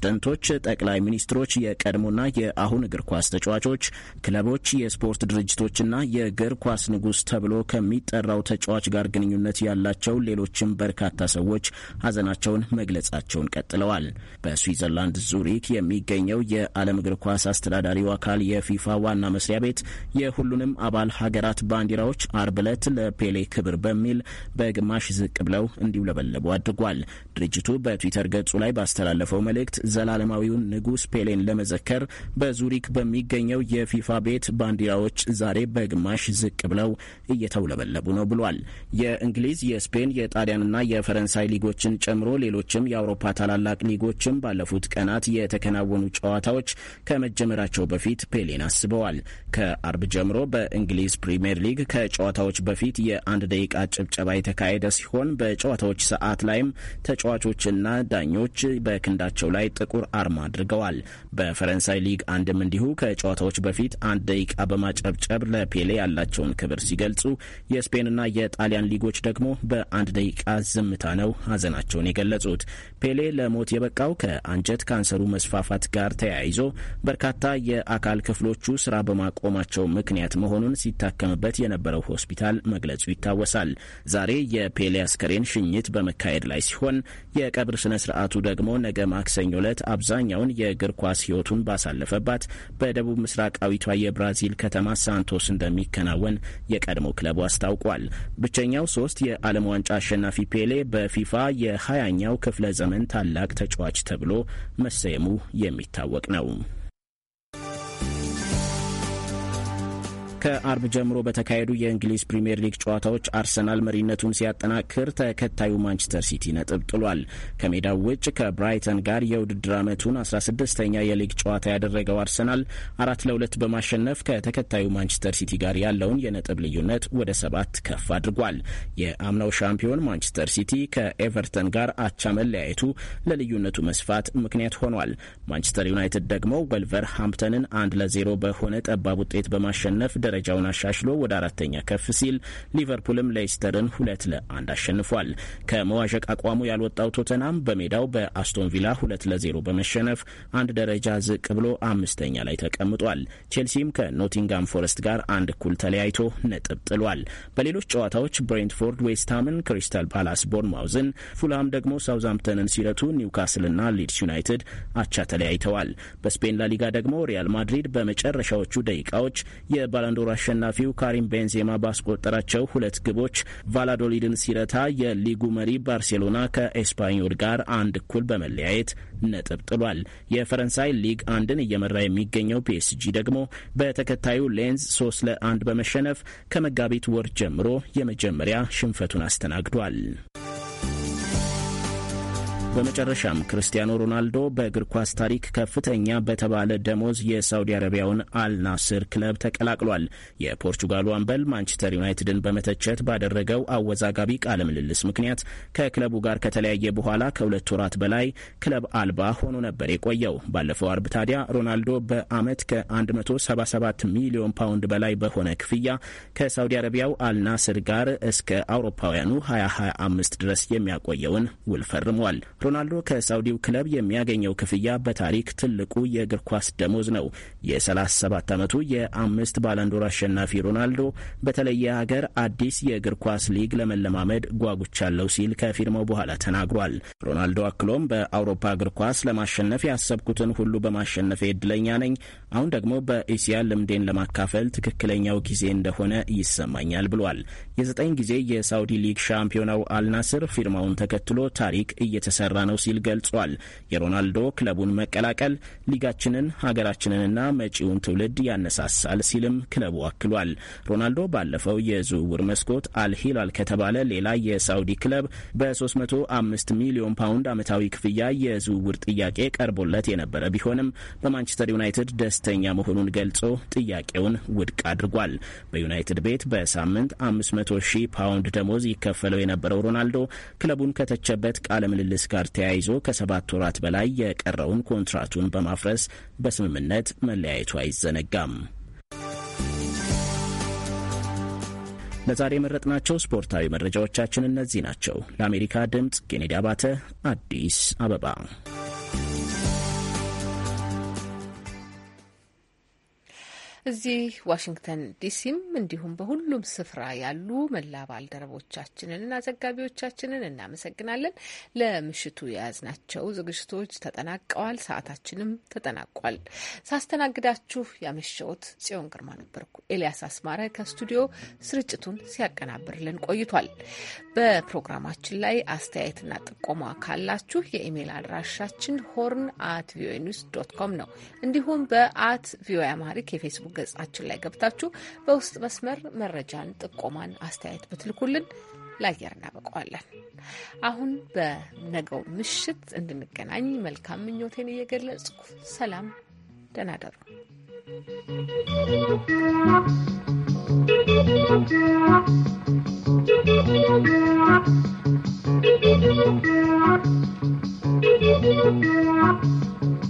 ፕሬዝደንቶች፣ ጠቅላይ ሚኒስትሮች፣ የቀድሞና የአሁን እግር ኳስ ተጫዋቾች፣ ክለቦች፣ የስፖርት ድርጅቶችና የእግር ኳስ ንጉሥ ተብሎ ከሚጠራው ተጫዋች ጋር ግንኙነት ያላቸው ሌሎችም በርካታ ሰዎች ሀዘናቸውን መግለጻቸውን ቀጥለዋል። በስዊዘርላንድ ዙሪክ የሚገኘው የዓለም እግር ኳስ አስተዳዳሪው አካል የፊፋ ዋና መስሪያ ቤት የሁሉንም አባል ሀገራት ባንዲራዎች አርብ ዕለት ለፔሌ ክብር በሚል በግማሽ ዝቅ ብለው እንዲውለበለቡ አድርጓል። ድርጅቱ በትዊተር ገጹ ላይ ባስተላለፈው መልእክት ዘላለማዊውን ንጉስ ፔሌን ለመዘከር በዙሪክ በሚገኘው የፊፋ ቤት ባንዲራዎች ዛሬ በግማሽ ዝቅ ብለው እየተውለበለቡ ነው ብሏል። የእንግሊዝ፣ የስፔን፣ የጣሊያንና የፈረንሳይ ሊጎችን ጨምሮ ሌሎችም የአውሮፓ ታላላቅ ሊጎችም ባለፉት ቀናት የተከናወኑ ጨዋታዎች ከመጀመራቸው በፊት ፔሌን አስበዋል። ከአርብ ጀምሮ በእንግሊዝ ፕሪምየር ሊግ ከጨዋታዎች በፊት የአንድ ደቂቃ ጭብጨባ የተካሄደ ሲሆን በጨዋታዎች ሰዓት ላይም ተጫዋቾችና ዳኞች በክንዳቸው ላይ ጥቁር አርማ አድርገዋል። በፈረንሳይ ሊግ አንድም እንዲሁ ከጨዋታዎች በፊት አንድ ደቂቃ በማጨብጨብ ለፔሌ ያላቸውን ክብር ሲገልጹ፣ የስፔንና የጣሊያን ሊጎች ደግሞ በአንድ ደቂቃ ዝምታ ነው ሀዘናቸውን የገለጹት። ፔሌ ለሞት የበቃው ከአንጀት ካንሰሩ መስፋፋት ጋር ተያይዞ በርካታ የአካል ክፍሎቹ ስራ በማቆማቸው ምክንያት መሆኑን ሲታከምበት የነበረው ሆስፒታል መግለጹ ይታወሳል። ዛሬ የፔሌ አስከሬን ሽኝት በመካሄድ ላይ ሲሆን የቀብር ስነ ስርዓቱ ደግሞ ነገ ማክሰኞ ዕለት አብዛኛውን የእግር ኳስ ሕይወቱን ባሳለፈባት በደቡብ ምስራቃዊቷ የብራዚል ከተማ ሳንቶስ እንደሚከናወን የቀድሞ ክለቡ አስታውቋል። ብቸኛው ሶስት የዓለም ዋንጫ አሸናፊ ፔሌ በፊፋ የሀያኛው ክፍለ ዘመን ታላቅ ተጫዋች ተብሎ መሰየሙ የሚታወቅ ነው። ከአርብ ጀምሮ በተካሄዱ የእንግሊዝ ፕሪምየር ሊግ ጨዋታዎች አርሰናል መሪነቱን ሲያጠናክር፣ ተከታዩ ማንቸስተር ሲቲ ነጥብ ጥሏል። ከሜዳው ውጭ ከብራይተን ጋር የውድድር ዓመቱን 16ኛ የሊግ ጨዋታ ያደረገው አርሰናል አራት ለሁለት በማሸነፍ ከተከታዩ ማንቸስተር ሲቲ ጋር ያለውን የነጥብ ልዩነት ወደ ሰባት ከፍ አድርጓል። የአምናው ሻምፒዮን ማንቸስተር ሲቲ ከኤቨርተን ጋር አቻ መለያየቱ ለልዩነቱ መስፋት ምክንያት ሆኗል። ማንቸስተር ዩናይትድ ደግሞ ወልቨር ሃምፕተንን አንድ ለዜሮ በሆነ ጠባብ ውጤት በማሸነፍ ደረጃውን አሻሽሎ ወደ አራተኛ ከፍ ሲል ሊቨርፑልም ሌስተርን ሁለት ለአንድ አሸንፏል። ከመዋዠቅ አቋሙ ያልወጣው ቶተናም በሜዳው በአስቶን ቪላ ሁለት ለዜሮ በመሸነፍ አንድ ደረጃ ዝቅ ብሎ አምስተኛ ላይ ተቀምጧል። ቼልሲም ከኖቲንጋም ፎረስት ጋር አንድ እኩል ተለያይቶ ነጥብ ጥሏል። በሌሎች ጨዋታዎች ብሬንትፎርድ ዌስትሃምን፣ ክሪስታል ፓላስ ቦርንማውዝን፣ ፉልሃም ደግሞ ሳውዝሃምፕተንን ሲረቱ ኒውካስልና ሊድስ ዩናይትድ አቻ ተለያይተዋል። በስፔን ላሊጋ ደግሞ ሪያል ማድሪድ በመጨረሻዎቹ ደቂቃዎች የባላንዶ የውድድሩ አሸናፊው ካሪም ቤንዜማ ባስቆጠራቸው ሁለት ግቦች ቫላዶሊድን ሲረታ የሊጉ መሪ ባርሴሎና ከኤስፓኞል ጋር አንድ እኩል በመለያየት ነጥብ ጥሏል። የፈረንሳይ ሊግ አንድን እየመራ የሚገኘው ፒኤስጂ ደግሞ በተከታዩ ሌንዝ ሶስት ለአንድ በመሸነፍ ከመጋቢት ወር ጀምሮ የመጀመሪያ ሽንፈቱን አስተናግዷል። በመጨረሻም ክርስቲያኖ ሮናልዶ በእግር ኳስ ታሪክ ከፍተኛ በተባለ ደሞዝ የሳውዲ አረቢያውን አልናስር ክለብ ተቀላቅሏል። የፖርቹጋሉ አምበል ማንቸስተር ዩናይትድን በመተቸት ባደረገው አወዛጋቢ ቃለ ምልልስ ምክንያት ከክለቡ ጋር ከተለያየ በኋላ ከሁለት ወራት በላይ ክለብ አልባ ሆኖ ነበር የቆየው። ባለፈው አርብ ታዲያ ሮናልዶ በዓመት ከ177 ሚሊዮን ፓውንድ በላይ በሆነ ክፍያ ከሳውዲ አረቢያው አልናስር ጋር እስከ አውሮፓውያኑ 2025 ድረስ የሚያቆየውን ውል ፈርሟል። ሮናልዶ ከሳውዲው ክለብ የሚያገኘው ክፍያ በታሪክ ትልቁ የእግር ኳስ ደሞዝ ነው። የ37 ዓመቱ የአምስት ባለንዶር አሸናፊ ሮናልዶ በተለየ ሀገር አዲስ የእግር ኳስ ሊግ ለመለማመድ ጓጉቻለሁ ሲል ከፊርማው በኋላ ተናግሯል። ሮናልዶ አክሎም በአውሮፓ እግር ኳስ ለማሸነፍ ያሰብኩትን ሁሉ በማሸነፍ እድለኛ ነኝ። አሁን ደግሞ በኢሲያ ልምዴን ለማካፈል ትክክለኛው ጊዜ እንደሆነ ይሰማኛል ብሏል። የዘጠኝ ጊዜ የሳውዲ ሊግ ሻምፒዮናው አልናስር ፊርማውን ተከትሎ ታሪክ እየተሰ እየሰራ ነው ሲል ገልጿል። የሮናልዶ ክለቡን መቀላቀል ሊጋችንን፣ ሀገራችንንና መጪውን ትውልድ ያነሳሳል ሲልም ክለቡ አክሏል። ሮናልዶ ባለፈው የዝውውር መስኮት አልሂላል ከተባለ ሌላ የሳውዲ ክለብ በ305 ሚሊዮን ፓውንድ ዓመታዊ ክፍያ የዝውውር ጥያቄ ቀርቦለት የነበረ ቢሆንም በማንቸስተር ዩናይትድ ደስተኛ መሆኑን ገልጾ ጥያቄውን ውድቅ አድርጓል። በዩናይትድ ቤት በሳምንት 500 ሺህ ፓውንድ ደሞዝ ይከፈለው የነበረው ሮናልዶ ክለቡን ከተቸበት ቃለ ምልልስ ጋር ጋር ተያይዞ ከሰባት ወራት በላይ የቀረውን ኮንትራቱን በማፍረስ በስምምነት መለያየቱ አይዘነጋም። ለዛሬ የመረጥናቸው ስፖርታዊ መረጃዎቻችን እነዚህ ናቸው። ለአሜሪካ ድምፅ ኬኔዲ አባተ፣ አዲስ አበባ። እዚህ ዋሽንግተን ዲሲም እንዲሁም በሁሉም ስፍራ ያሉ መላ ባልደረቦቻችንንና ዘጋቢዎቻችንን እናመሰግናለን። ለምሽቱ የያዝናቸው ዝግጅቶች ተጠናቀዋል። ሰዓታችንም ተጠናቋል። ሳስተናግዳችሁ ያመሸዎት ጽዮን ግርማ ነበርኩ። ኤልያስ አስማረ ከስቱዲዮ ስርጭቱን ሲያቀናብርልን ቆይቷል። በፕሮግራማችን ላይ አስተያየትና ጥቆማ ካላችሁ የኢሜይል አድራሻችን ሆርን አት ቪኦኤ ኒውስ ዶት ኮም ነው። እንዲሁም በአት ቪኦኤ አማሪክ የፌስቡክ በፌስቡክ ገጻችን ላይ ገብታችሁ በውስጥ መስመር መረጃን፣ ጥቆማን፣ አስተያየት ብትልኩልን ለአየር እናበቀዋለን። አሁን በነገው ምሽት እንድንገናኝ መልካም ምኞቴን እየገለጽኩ ሰላም፣ ደህና ደሩ። Thank you.